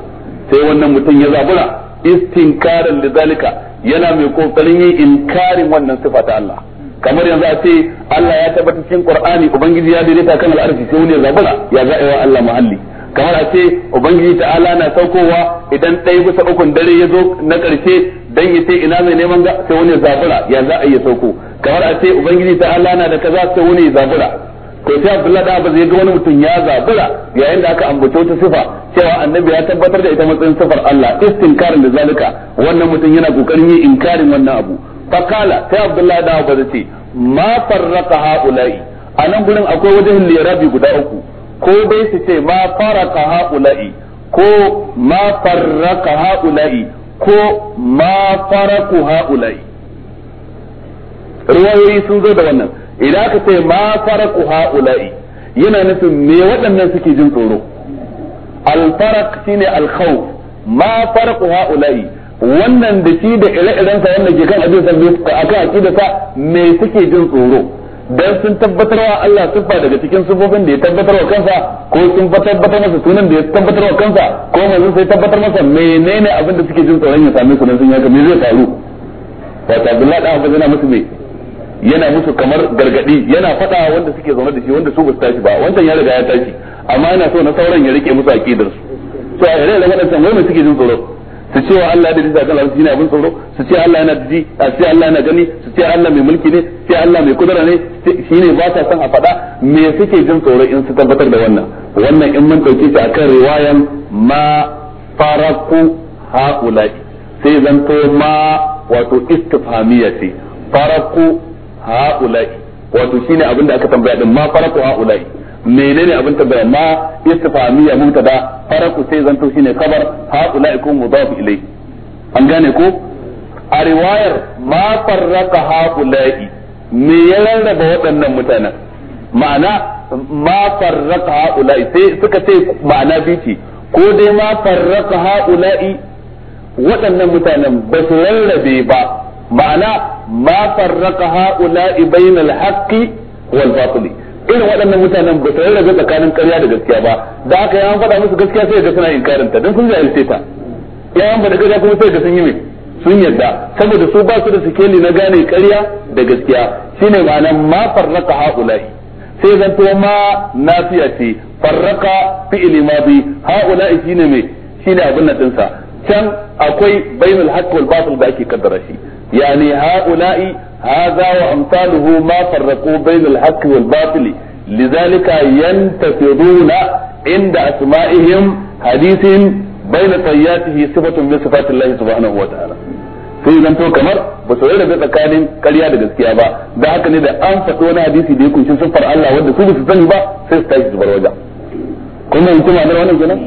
sai wannan mutum ya zabura istinkaran da zalika yana mai kokarin yin inkarin wannan sifa ta Allah kamar yanzu a ce Allah ya tabbata cikin Qur'ani ubangiji ya daidaita kan al'arshi sai wani ya zabura ya za'a wa Allah muhalli kamar a ce ubangiji ta'ala na saukowa idan ɗaya bisa ukun dare ya zo na ƙarshe dan ya ce ina mai neman ga sai wani zabura ya za a yi sauko kamar a ce ubangiji ta'ala na da kaza sai wani zabura ko sai Abdullah da ba zai ga wani mutum ya zabura yayin da aka ambace ta sifa cewa annabi ya tabbatar da ita matsayin sifar Allah istinkarin da zalika wannan mutum yana kokarin yin inkarin wannan abu fakala sai Abdullah da ba zai ce ma farraqa haula'i anan gurin akwai wajen lirabi guda uku ko bai su ce ma faraka haula'i ko ma farraka haula'i ko ma faraku haula'i ruwayoyi sun zo da wannan idan aka ce ma faraku ha'ula'i yana nufin me waɗannan suke jin tsoro alfarak shine alkhawf ma faraku ha'ula'i wannan da shi da ire sa wanda ke kan abin san akan akida sa me suke jin tsoro dan sun tabbatarwa Allah sifa daga cikin sifofin da ya tabbatarwa kansa ko sun tabbatar masa sunan da ya tabbatarwa kansa ko manzon sai tabbatar masa menene abin da suke jin tsoron ya same su nan sun yaga me zai faru wato Abdullahi dan Abu Zana musu mai. yana musu kamar gargadi yana faɗa wanda suke zaune da shi wanda su basu tashi ba wancan ya riga ya tashi amma yana so na sauran ya rike musu aqidar su so a ire da waɗancan wai suke jin tsoro su ce wa Allah da jinsa kan arziki yana bin tsoro su ce Allah yana ji a ce Allah yana gani su ce Allah mai mulki ne su ce Allah mai kudura ne shine ba sa son a faɗa me suke jin tsoro in su tabbatar da wannan wannan in mun dauke shi akan riwayan ma faraku haula sai zanto ma wato istifhamiyya ce faraku haula'i wato shine abin da aka tambaya din ma farqu haula'i menene abin tambaya ma istifhamiya da farqu sai zanto shine kabar haula'i kun mudaf ilai an gane ko a riwayar ma farraqa haula'i me ya rarraba waɗannan mutanen ma'ana ma farraqa haula'i sai suka ce ma'ana bici ko dai ma farraqa haula'i waɗannan mutanen ba su rarrabe ba ma'ana ma farraka haula bainal haqqi wal batil irin waɗannan mutanen ba tare da tsakanin ƙarya da gaskiya ba da aka yawan faɗa musu gaskiya sai ga suna inkarin ta don sun ji ta yawan faɗa gaskiya kuma sai ga sun yi mai sun yadda saboda su ba su da sikeli na gane ƙarya da gaskiya shine ma'ana ma farraka haula sai zanto ma nafiya ce farraka fi'ili madi haula shine mai shine abin nan dinsa can akwai bainul haqq wal batil da ake kaddara shi يعني هؤلاء هذا وأمثاله ما فرقوا بين الحق والباطل لذلك ينتفضون عند أسمائهم حديث بين طياته صفة من صفات الله سبحانه وتعالى sai zan to kamar ba su rabe tsakanin karya da gaskiya ba da haka ne da an faɗo wani hadisi da ya kunshi siffar Allah wanda su su sani ba sai su tashi zubar wajen kuma in kuma da wannan kenan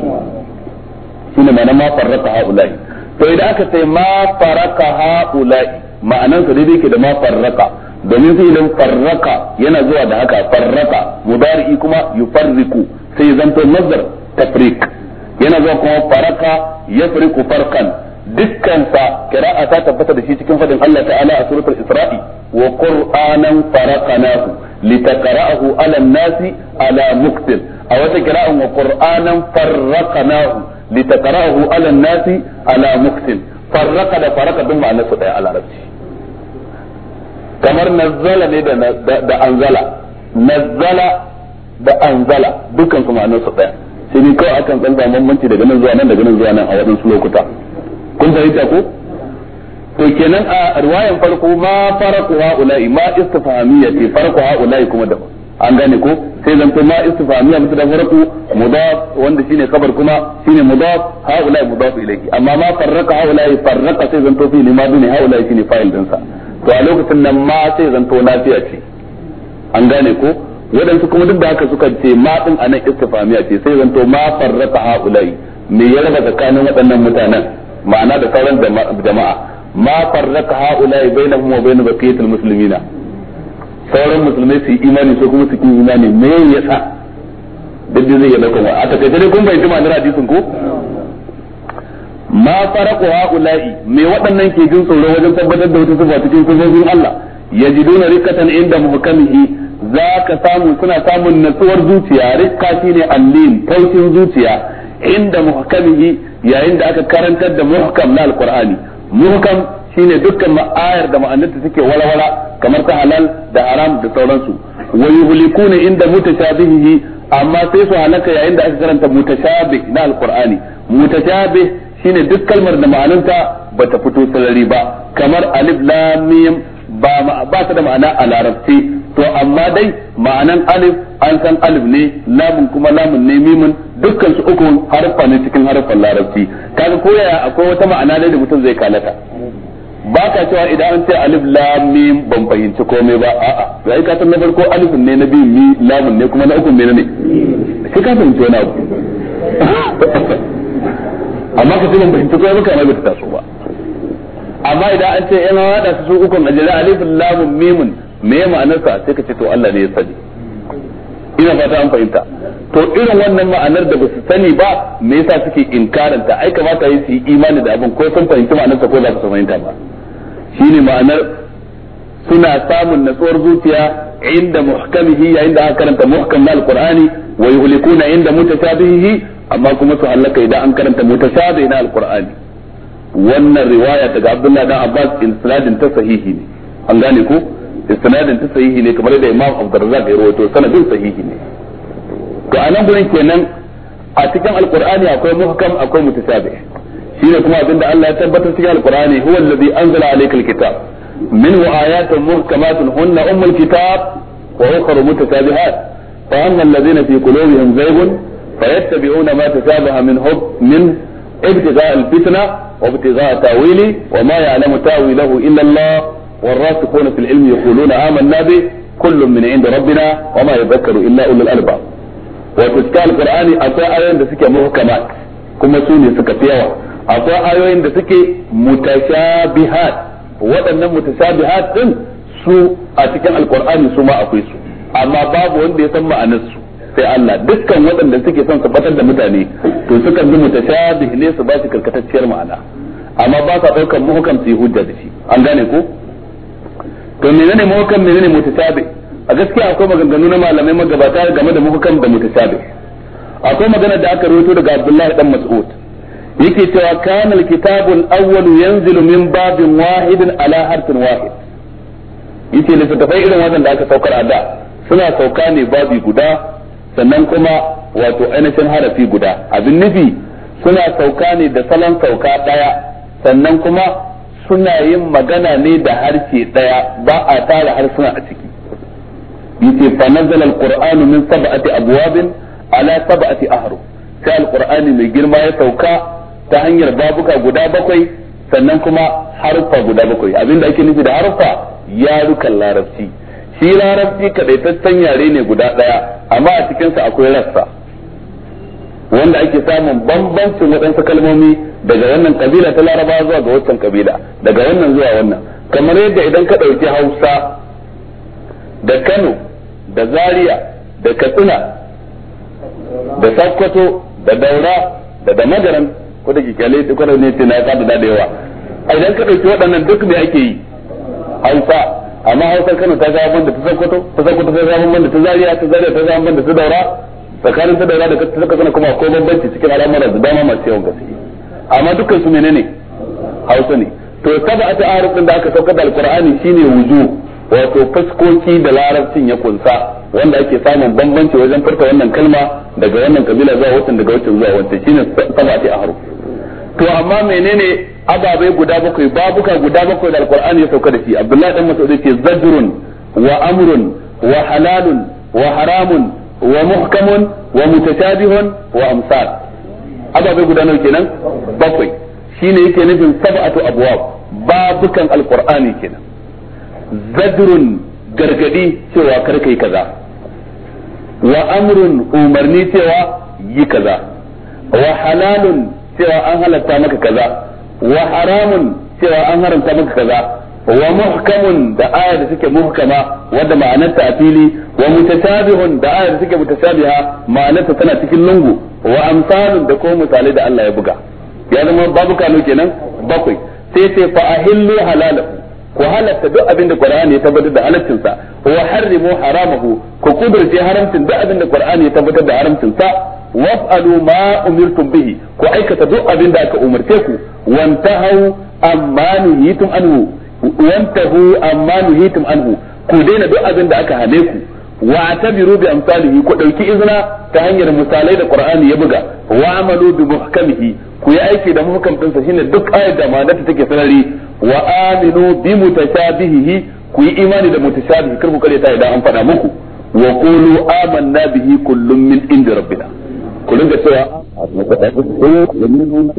shine ma'ana ma farraka haula'i sai da aka sai ma faraka haula'i ma'anan sa daidai ke da ma farraka domin sai idan farraka yana zuwa da haka farraka mudari kuma yufarriku sai zanto nazar tafrik yana zuwa kuma faraka yafriku farkan dukkan sa qira'a ta tabbata da shi cikin fadin Allah ta'ala a suratul isra'i wa qur'anan faraqnahu litaqra'ahu 'ala an-nasi 'ala muktil a wata qira'an wa qur'anan farraqnahu litaqra'ahu 'ala an-nasi ala muktin farraqa da faraka dun ma'anar su daya a larabci kamar nazzala ne da da anzala nazzala da anzala dukkan su ma'anar su daya sai ni kawai akan tsanta bambanci daga nan zuwa nan daga nan zuwa nan a waɗansu lokuta kun fahimta ko to kenan a riwayan farko ma faraku ha'ula'i ma istifhamiyya ce farku ha'ula'i kuma daban an gane ko sai to ma istifhamiya da farqu mudaf wanda shine kabar kuma shine mudaf haula mudaf ilayhi amma ma farraka haula farraka sai to fi ma dun haula shine fa'il sa to a lokacin nan ma sai to lafiya ce an gane ko waɗansu kuma duk da haka suka ce ma din anan istifhamiya ce sai to ma farraka haula me ya raba tsakanin waɗannan mutanen ma'ana da sauran jama'a ma farraka haula bainahum wa bainu baqiyatil muslimina sauran musulmai su yi imani su kuma su ki imani me yasa duk zai yi daukan wa a takaice dai kun bai jima na hadisin ko ma faraqu haula'i me waɗannan ke jin tsoro wajen tabbatar da wata sifa cikin sifofin Allah yajiduna rikatan inda muhkamihi za ka samu suna samun natsuwar zuciya rikka ne allin taushin zuciya inda muhkamihi yayin da aka karantar da muhkam na alkur'ani. muhkam shine dukkan ma'ayar da ma'anarta take walwala kamar ta halal da haram da sauransu wa yuhlikuna inda mutashabihi amma sai su halaka yayin da aka karanta mutashabih na alqur'ani mutashabih shine duk kalmar da ma'anarta bata fito salari ba kamar alif lam mim ba ba ta da ma'ana a larabci to amma dai ma'anan alif an san alif ne lamun kuma lamun ne mimun dukkan su uku harfa ne cikin harfan larabci kaga koyaya akwai wata ma'ana dai da mutum zai kalata ba ka cewa idan an ce alif lam mim ban fahimci komai ba a'a sai ka san na farko ne na biyu mi lam ne kuma na uku ne sai ka fahimci wani abu [laughs] amma ka ce ban fahimci komai ba kana ba ta taso ba amma idan an ce yana wada su ukun ajira alif lam mim me ma'anar sa sai ka ce to Allah ne ya sani ina fata an fahimta to irin wannan ma'anar da basu sani ba me yasa suke inkaranta ai kamata yi su yi imani da abin ko sun fahimci ma'anarsa ko za su fahimta ba shine ma'anar suna samun natsuwar zuciya inda muhkamihi yayin da aka karanta muhkam na alqur'ani wa yuhlikuna inda mutashabihi amma kuma su halaka idan an karanta mutashabi na alqur'ani wannan riwaya daga Abdullah dan Abbas isnadin ta sahihi ne an gane ko isnadin ta sahihi ne kamar da Imam Abdurrazzaq ya rawaito sanadin sahihi ne to anan gurin kenan a cikin alqur'ani akwai muhkam akwai mutashabih shine kuma abinda Allah ya tabbatar cikin alqur'ani huwa allazi anzala alaykal kitab minhu ayatun muhkamatun hunna ummul kitab wa ukhra mutatabihat fa amma allazina fi qulubihim zaygun fayattabi'una ma tashabaha min hub min ibtida' alfitna wa ibtida' tawili wa ma ya'lamu tawilahu illa Allah والراسخون في العلم يقولون آمنا به كل من عند ربنا وما يذكر إلا أولو الألباب وتذكر القرآن أتى آيات da suke muhkamat kuma su suka fi akwai ayoyin da suke mutashabihat waɗannan mutashabihat din su a cikin alkur'ani su ma akwai su amma babu wanda ya san ma'anar su sai Allah dukkan waɗanda suke son su fatar da mutane to kan bi mutashabih ne su ba shi karkatacciyar ma'ana amma ba sa ɗaukar muhukam su yi hujja da shi an gane ko to menene muhukam menene mutashabih a gaskiya akwai maganganu na malamai magabata game da muhukam da mutashabih akwai magana da aka rawaito daga Abdullahi dan Mas'ud yake cewa kana alkitabu al-awwal yanzilu min babin wahidin ala harfin wahid yace littattafai irin wannan da aka saukar a da suna sauka ne babi guda sannan kuma wato ainihin harafi guda abin nufi suna sauka ne da salon sauka daya sannan kuma suna yin magana ne da harshe daya ba a tara harsuna a ciki yace fa nazala al-qur'anu min sab'ati abwabin ala sab'ati ahruf sai al-qur'ani mai girma ya sauka ta hanyar babuka guda bakwai sannan kuma harfa guda bakwai abinda ake nufi da harfa ya yarukan larabci shi larabci kadaitaccen yare ne guda daya amma a cikinsa akwai rassa wanda ake samun bambancin waɗansu kalmomi daga wannan kabila ta laraba zuwa ga waccan kabila daga wannan zuwa wannan kamar yadda idan ka ɗauki hausa da kano da zaria da katsina da sakkwato da daura da damagaran ko da kyale duk wanda ne na ka da da yawa a idan ka dauki waɗannan duk me ake yi hausa amma hausar Kano ta ga banda ta Sokoto ta Sokoto ta ga banda ta Zaria ta Zaria ta ga banda ta Daura tsakanin ta Daura da ta Sokoto kuma akwai bambanci cikin al'amuran da dama masu yawan gaske amma dukkan su menene hausa ne to sab'atu ahruf din da aka saukar da alqur'ani shine wujuh wato fuskoki da larabcin ya kunsa wanda ake samun bambanci wajen furta wannan kalma daga wannan kabila zuwa wancan daga wancan zuwa wancan shine sab'atu ahruf to amma menene ababai guda bakwai babuka guda bakwai da alqur'ani ya sauka da shi abdullahi dan mas'ud yake zajrun wa amrun wa halalun wa haramun wa muhkamun wa mutashabihun wa amsal ababai guda nawa kenan bakwai shine yake nufin sab'atu abwab babukan alqur'ani kenan zadrun gargadi cewa kar kai kaza wa amrun umarni cewa yi kaza wa halalun cewa an halatta maka kaza wa haramun cewa an haramta maka kaza wa muhkamun da aya da suke muhkama wadda ma'anarta a fili wa mutashabihun da aya da suke mutashabiha ma'anarta tana cikin lungu wa amsalun da ko misalai da Allah ya buga ya zama babu kano kenan bakwai sai sai fa ahillu halalahu ku halatta duk abin da Qur'ani ya tabbatar da halaccin sa wa harrimu haramahu ku kudurce haramcin duk abin da Qur'ani ya tabbatar da haramcin sa waf'alu ma umirtum bihi ku aikata duk abin da aka umarce ku wantahu amma nuhitum anhu wantahu amma nuhitum anhu ku daina duk abin da aka hane ku wa tabiru bi amsalihi ku dauki izina ta hanyar misalai da qur'ani ya buga wa amalu bi muhkamihi ku yi aiki da muhkam sa shine duk ayat da ta take sanari wa aminu bi mutashabihi ku yi imani da mutashabihi kar ku kare ta idan an fada muku wa qulu amanna bihi kullum min inda ku ringa cewa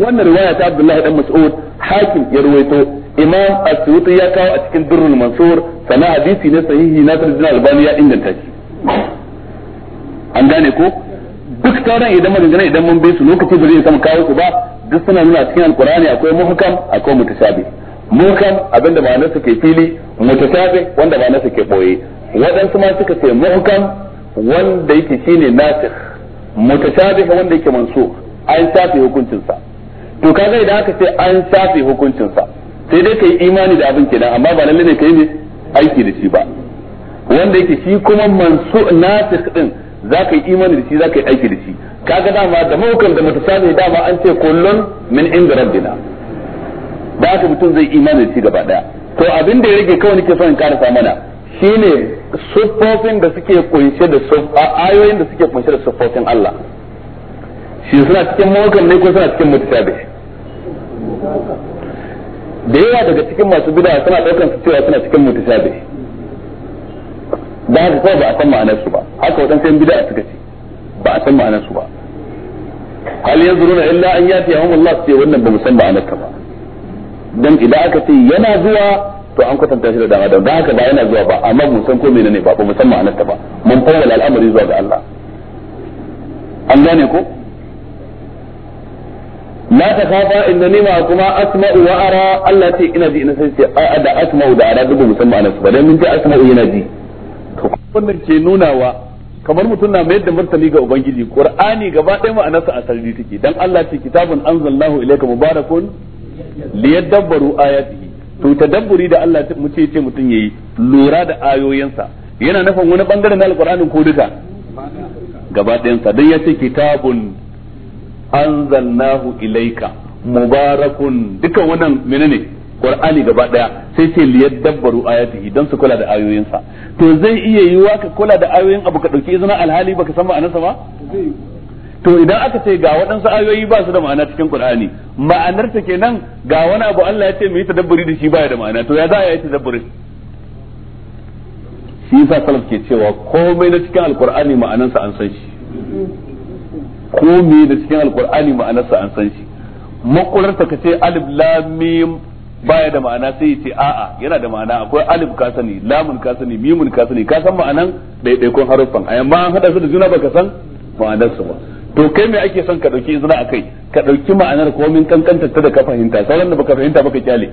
wannan riwaya ta Abdullahi dan Mas'ud hakim ya ruwaito Imam Asyuti ya kawo a cikin Durrul Mansur sana hadisi ne sahihi na Tirmidhi Albani ya inganta shi an gane ko duk sauran idan mun idan mun bi su lokaci ba zai sama kawo su ba duk suna nuna cikin alkur'ani akwai muhkam akwai mutashabi muhkam abinda ma'anarsa ke fili mutashabi wanda ma'anarsa ke boye waɗansu ma suka ce muhkam wanda yake shine nasikh mutashabihi wanda yake mansukh an shafe hukuncin sa to kaga idan aka ce an shafe hukuncin sa sai dai kai imani da abin kenan amma ba lalle ne kai ne aiki da shi ba wanda yake shi kuma mansu nasikh din zaka yi imani da shi zaka yi aiki da shi kaga dama da mahukan da mutashabihi dama an ce kullun min inda rabbina da haka mutum zai imani da shi gaba daya to abin da ya rage kawai nake son karasa mana shine siffofin da suke kunshe da ayoyin da suke kunshe da siffofin Allah shi suna cikin mawakan ne ko suna cikin mutuwa da Da yawa daga cikin masu bida suna daukan su cewa suna cikin mutuwa da haka ba a san ma'anar su ba haka wajen yan bida suka ce ba a san ma'anar su ba hal nuna illa an yati yahum Allah ce wannan ba mu san ma'anar ta ba dan idan aka ce yana zuwa to an kwatanta shi da dan adam dan haka da yana zuwa ba amma mun san ko menene ba ba musamman anasta ba mun fawwala al'amari zuwa ga Allah an gane ko la ta kafa innani ma kuma asma'u wa ara Allah ce ina ji ina san ce a da asma'u da ara dubu musamman anas ba dan mun ji asma'u yana ji to wannan ke nunawa kamar mutum na mayar da martani ga ubangiji qur'ani gaba ɗaya ma'anarsa a sarri take dan Allah ce kitabun anzalnahu ilayka mubarakun liyadabbaru ayati to tadabburi da Allah mu ce ce mutum yayi lura da ayoyinsa yana nufin wani bangare na alqur'ani ko duka gaba ɗayansa dan yace kitabun anzalnahu ilayka mubarakun dukan wannan menene qur'ani gaba daya sai ce liyadabbaru ayatihi dan su kula da ayoyinsa to zai iya yiwa ka kula da ayoyin abu ka dauki izinin alhali baka san anasa ba to idan aka ce ga waɗansu ayoyi ba su da ma'ana cikin Qur'ani ma'anar ta kenan ga wani abu Allah ya ce mai yi tadabburi da shi ba da ma'ana to ya za a yi tadabburi shi yasa salaf ke cewa komai na cikin alqur'ani ma'anarsa an san shi komai na cikin alqur'ani ma'anarsa an san shi makurar ka ce alif lam mim baya da ma'ana sai ce a'a yana da ma'ana akwai alif ka sani lamun ka sani mimun ka sani ka san ma'anan daidaikon haruffan amma an hada su da juna baka san su ba to kai me ake son ka dauki izina akai ka dauki ma'anar komin kankanta ta da ka fahimta sauran da baka fahimta baka kyale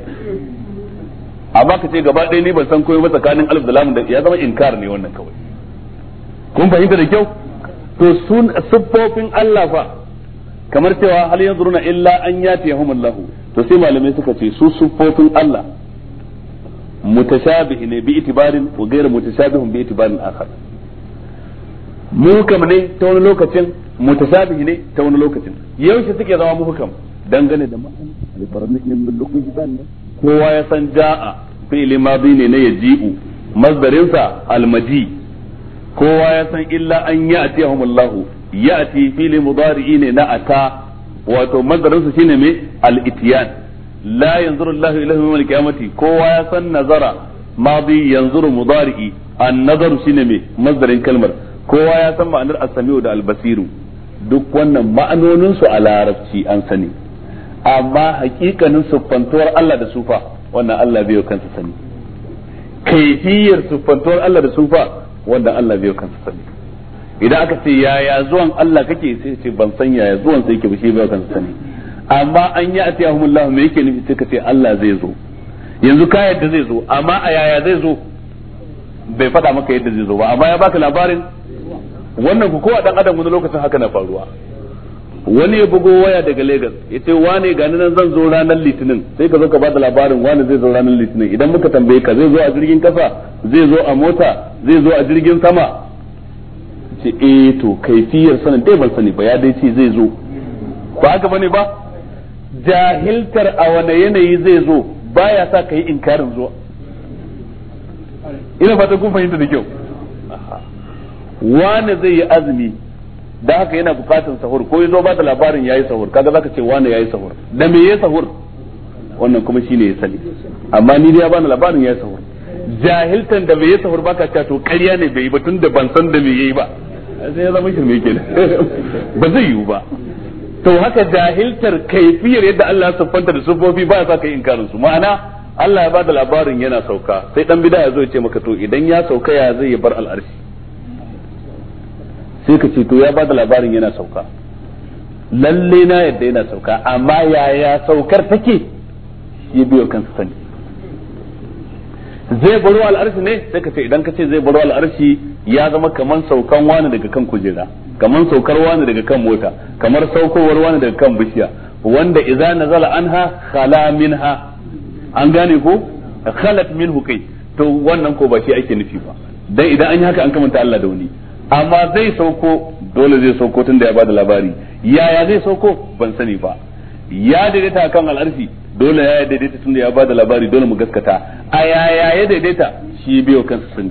amma ka ce gaba ɗaya ni ban san komai ba tsakanin alif da lam da ya zama inkar ne wannan kawai kun fahimta da kyau to sun sufofin Allah fa kamar cewa hal yanzuruna illa an yatiyahum Allah to sai malamai suka ce su sufofin Allah mutashabih ne bi itibarin wa ghayr mutashabihun bi itibarin akhar mu kam ne ta wani lokacin mutashabihi ne ta wani lokacin yaushe suke zama muhkam dangane da ma'ana alfaran ne min lokacin kowa ya san ja'a fi'li madi ne na yaji'u masdarinsa almaji kowa ya san illa an ya'tihum ne wato masdarinsa shine mai al la yanzuru Allah ila yawm al kowa ya san nazara madi yanzuru mudari'i an-nazaru shine mai masdarin kalmar kowa ya san ma'anar as-sami'u da al-basiru duk wannan ma'anoninsu a larabci an sani amma hakikanin siffantuwar Allah da sufa wannan Allah bai kansa sani kaifiyar siffantuwar Allah da sufa wannan Allah bai kansa sani idan aka ce yaya zuwan Allah kake sai ce ban san yaya zuwan sai yake ba shi bai kansa sani amma an yi atiyahumullahu me yake nufi suka ce Allah zai zo yanzu ka yadda zai zo amma a yaya zai zo bai faɗa maka yadda zai zo ba amma ya baka labarin wannan ku kowa dan adam wani lokacin haka na faruwa wani ya bugo waya daga Lagos ya ce wane gani nan zan zo ranar litinin sai ka zo ka bada labarin wane zai zo ranar litinin idan muka tambaye ka zai zo a jirgin kasa zai zo a mota zai zo a jirgin sama ce eh to kaifiyar sanin dai ban sani ba ya dai ce zai zo ba haka bane ba jahiltar a wane yanayi zai zo baya sa ka yi inkarin zuwa ina fata kun fahimta da kyau wane zai yi azumi da haka yana bukatan sahur ko yazo ba da labarin yayi sahur kaga zaka ce wani yayi sahur da me yayi sahur wannan kuma shine ya sani amma ni dai ba bani labarin yayi sahur jahiltan da me yi sahur baka cewa to ƙarya ne bai yi ba tun da ban san da me yayi ba sai ya zama shirme kenan [laughs] ba zai yi ba to haka jahiltar kaifiyar yadda Allah ya siffanta da sufofi ba sa kai inkarin su ma'ana Allah ya bada labarin yana sauka sai dan bida ya zo ya ce maka to idan ya sauka ya zai bar al'arshi sai ka ce to ya bada labarin yana sauka lalle na yadda yana sauka amma yaya saukar take ya biyo kansa sani zai baro al'arshi ne sai ka ce idan ka ce zai baro al'arshi ya zama kamar saukan wani daga kan kujera kaman saukar wani daga kan mota kamar saukowar wani daga kan bishiya wanda idza nazala anha khala minha an gane ko khalat minhu kai to wannan ko ba shi ake nufi ba dan idan an yi haka an kamanta Allah da wani amma zai sauko dole zai sauko tun da ya bada labari yaya zai sauko ban sani ba ya daidaita kan al'arfi dole ya daidaita tun da ya bada labari dole mu gaskata a yaya ya daidaita shi biyo kansa sani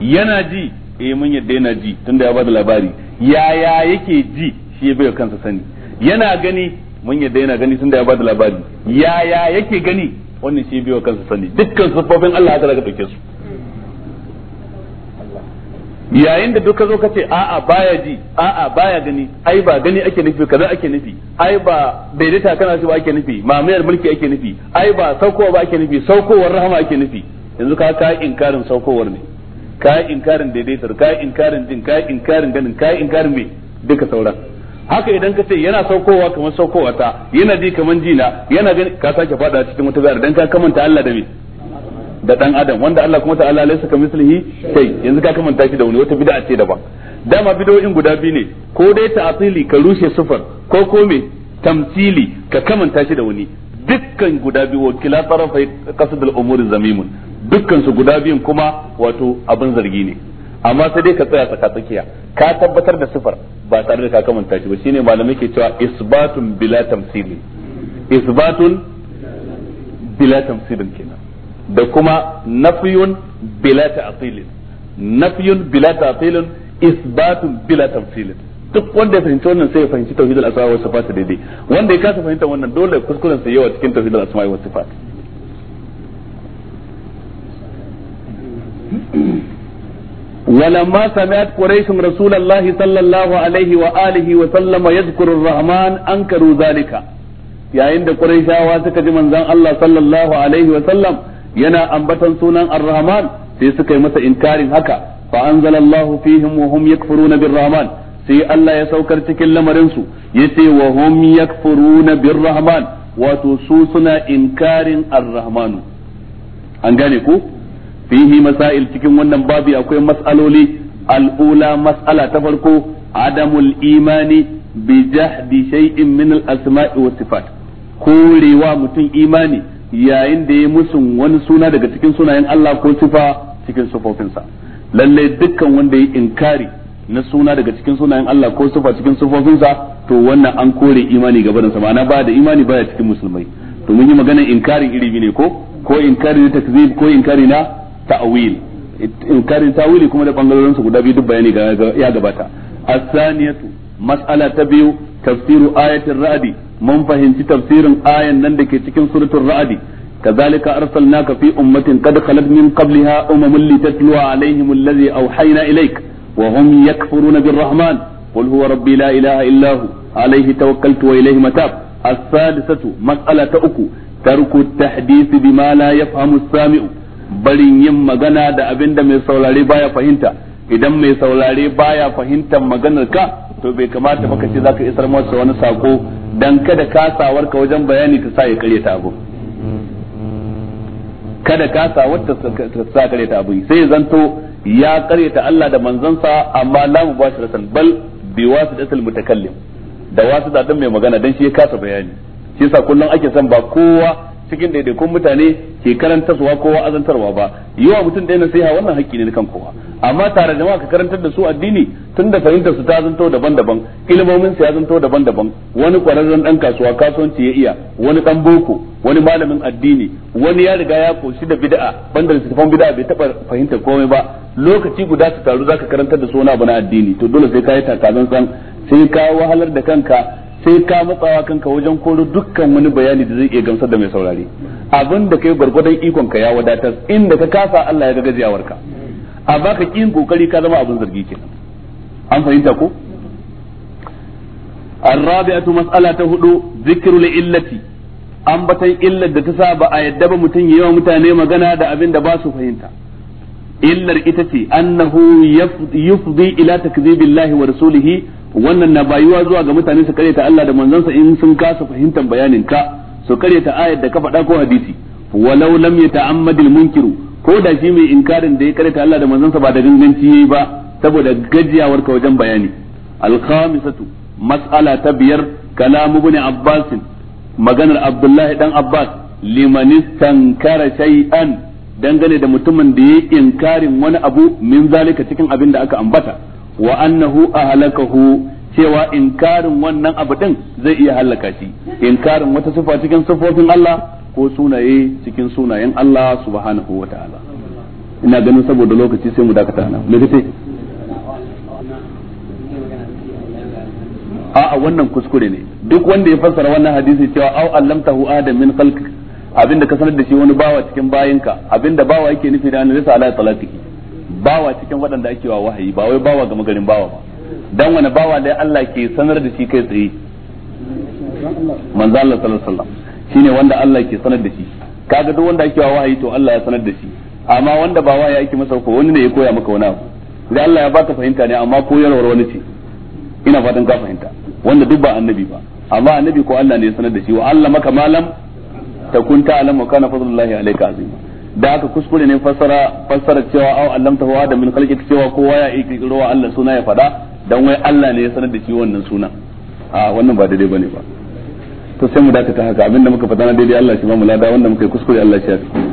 yana ji eh mun yadda yana ji tun da ya bada labari yaya yake ji shi ya biyo kansa sani yana gani mun yadda yana gani tun da ya bada labari yaya yake gani wannan shi biyo kansa sani dukkan siffofin Allah ya zaka dauke su yayin da duka zo kace a'a baya ji a'a baya gani ai ba gani ake nufi kaza ake nufi ai ba daidaita kana shi ba ake nufi mamayar mulki ake nufi ai ba saukowa ba ake nufi saukowar rahama ake nufi yanzu ka ka inkarin saukowar ne ka inkarin daidaitar ka inkarin jin ka inkarin ganin ka inkarin me duka sauran haka idan ka ce yana saukowa kamar saukowata ta yana ji kamar jina yana gani ka sake fada cikin wata zara dan ka kamanta Allah da me da dan adam wanda Allah kuma ta'ala laysa kamislihi kai yanzu ka kamanta shi da wani wata bid'a ce daban dama bid'o'in guda biyu ne ko dai ta'tili ka rushe sufar ko ko me tamsili ka kamanta shi da wani dukkan guda biyu wakila tarafai qasdul umuri zamimun dukkan su guda biyun kuma wato abin zargi ne amma sai dai ka tsaya tsaka tsakiya ka tabbatar da sufar ba tare da ka kamanta shi ba shine malamai ke cewa isbatun bila tamsili isbatun bila tamsilin kenan da kuma nafiyun bila ta'til nafiyun bila ta'til isbatun bila tamthil duk wanda ya fahimci wannan sai ya fahimci tauhidul asma wa sifat daidai wanda ya kasa fahimta wannan dole kuskuren sa yawa cikin tauhidul asma wa sifat ولما سمعت قريش رسول الله صلى الله عليه وآله وسلم يذكر الرحمن أنكروا ذلك yayin da Qurayshawa suka ji manzon Allah sallallahu alaihi wa sallam yana ambatan sunan ar-rahman sai suka yi masa inkarin haka fa anzalallahu fihim wa hum yakfuruna bir-rahman sai Allah ya saukar cikin lamarin su yace wa hum yakfuruna bir-rahman wato su suna inkarin ar-rahmanu an gane ko fihi masail cikin wannan babi akwai mas'aloli al-ula mas'ala ta farko adamul imani bi jahdi shay'in min al-asma'i wa sifat korewa mutum imani yayin da ya musu wani suna daga cikin sunayen Allah ko sifa cikin sufofinsa lalle dukkan wanda ya inkari na suna daga cikin sunayen Allah ko sifa cikin sufofinsa to wannan an kore imani gaba da ana ba da imani baya cikin musulmai to mun yi magana inkarin iri ne ko ko inkari na takzib ko inkari na ta'wil na ta'wili kuma da bangarorin su guda biyu duk bayani ya gabata as-saniyatu mas'ala ta biyu tafsiru ayatin ra'adi mun fahimci tafsirin ayan nan da ke cikin suratul ra'adi كذلك أرسلناك في أمة قد خلت من قبلها أمم لتتلو عليهم الذي أوحينا إليك وهم يكفرون بالرحمن قل هو ربي لا إله إلا هو عليه توكلت وإليه متاب السادسة مسألة أكو ترك التحديث بما لا يفهم السامع barin yin magana da abin da mai saurare baya fahimta idan mai saurare baya fahimtar maganar ka to bai kamata ba ka ce zaka isar masa wani sako dan kada kasawar ka wajen bayani ta sa ya kare ta abu kada kasawar ta sa kare ta abu sai zanto ya kare ta Allah da manzansa amma la mubashiratan bal bi wasitatil mutakallim da wasu da mai magana dan shi ya kasa bayani shi yasa kullum ake son ba kowa cikin daidaikun mutane ke karanta suwa kowa azantarwa ba yawa mutum ɗaya nasiha wannan haƙƙi ne na kan kowa amma tare jama'a ka karantar da su addini tun da fahimtar su ta zanto daban-daban ilimomin su ya zanto daban-daban wani kwararren ɗan kasuwa kasuwanci ya iya wani dan boko wani malamin addini wani ya riga ya koshi da bid'a banda littattafan bid'a bai taɓa fahimtar komai ba lokaci guda su taru ka karantar da su wani abu na addini to dole sai ka yi takazan san sai ka wahalar da kanka sai ka matsawa kanka wajen koro dukkan wani bayani da zai iya gamsar da mai saurare abin da kai gwargwadon ikon ka ya wadatar inda ka kasa Allah ya ga gajiyawar ka a baka kin kokari ka zama abin zargi kenan an fahimta ko الرابعة مسألة هدو ذكر an ambatan illar da ta sa ba a yadda ba mutum yi wa mutane magana da abin da ba su fahimta illar ita ce annahu yufdi ila takzibillahi wa rasulihi wannan na bayuwa zuwa ga mutane su karyata Allah da manzansa in sun kasa fahimtar bayanin ka su karyata ayar da ka faɗa ko hadisi walau lam yata'ammadil munkiru ko da shi mai inkarin da ya karyata Allah da manzansa ba da ganganci yayi ba saboda gajiyawar ka wajen bayani al-khamisatu mas'ala ta biyar kalamu ibn Abbas maganar Abdullahi dan Abbas liman istankara shay'an dangane da mutumin da ya inkarin wani abu min zalika cikin abin da aka ambata wa annahu ahlakahu cewa inkarin wannan abu din zai iya halaka shi inkarin wata sifa cikin sifofin Allah ko sunaye cikin sunayen Allah subhanahu wa ina ganin saboda lokaci sai mu dakata nan me kace a'a wannan kuskure ne duk wanda ya fassara wannan hadisi cewa au allamtahu adam min khalq abinda ka sanar da shi wani bawa cikin bayinka abinda bawa yake nufi da annabi sallallahu alaihi wasallam bawa cikin waɗanda ake wa wahayi ba wai bawa ga magarin bawa ba dan wani bawa da Allah ke sanar da shi kai tsaye manzo Allah sallallahu alaihi wasallam shine wanda Allah ke sanar da shi kaga duk wanda ake wa wahayi to Allah ya sanar da shi amma wanda ba wahayi ake masa ko wani ne ya koya maka wani abu da Allah ya baka fahimta ne amma koyarwar wani ce ina fatan ka fahimta wanda duk ba annabi ba amma annabi ko Allah ne ya sanar da shi wa Allah maka malam ta alam wa kana fadlullahi alayka azima da aka kuskure ne fassara fassara cewa au allamta huwa da min khalqik cewa kowa ya yi wa Allah suna ya fada dan wai Allah ne ya sanar da shi wannan suna a wannan ba daidai bane ba to sai mu dakata haka abinda muka fada na daidai Allah shi ba mu lada wanda muka yi kuskure Allah shi ya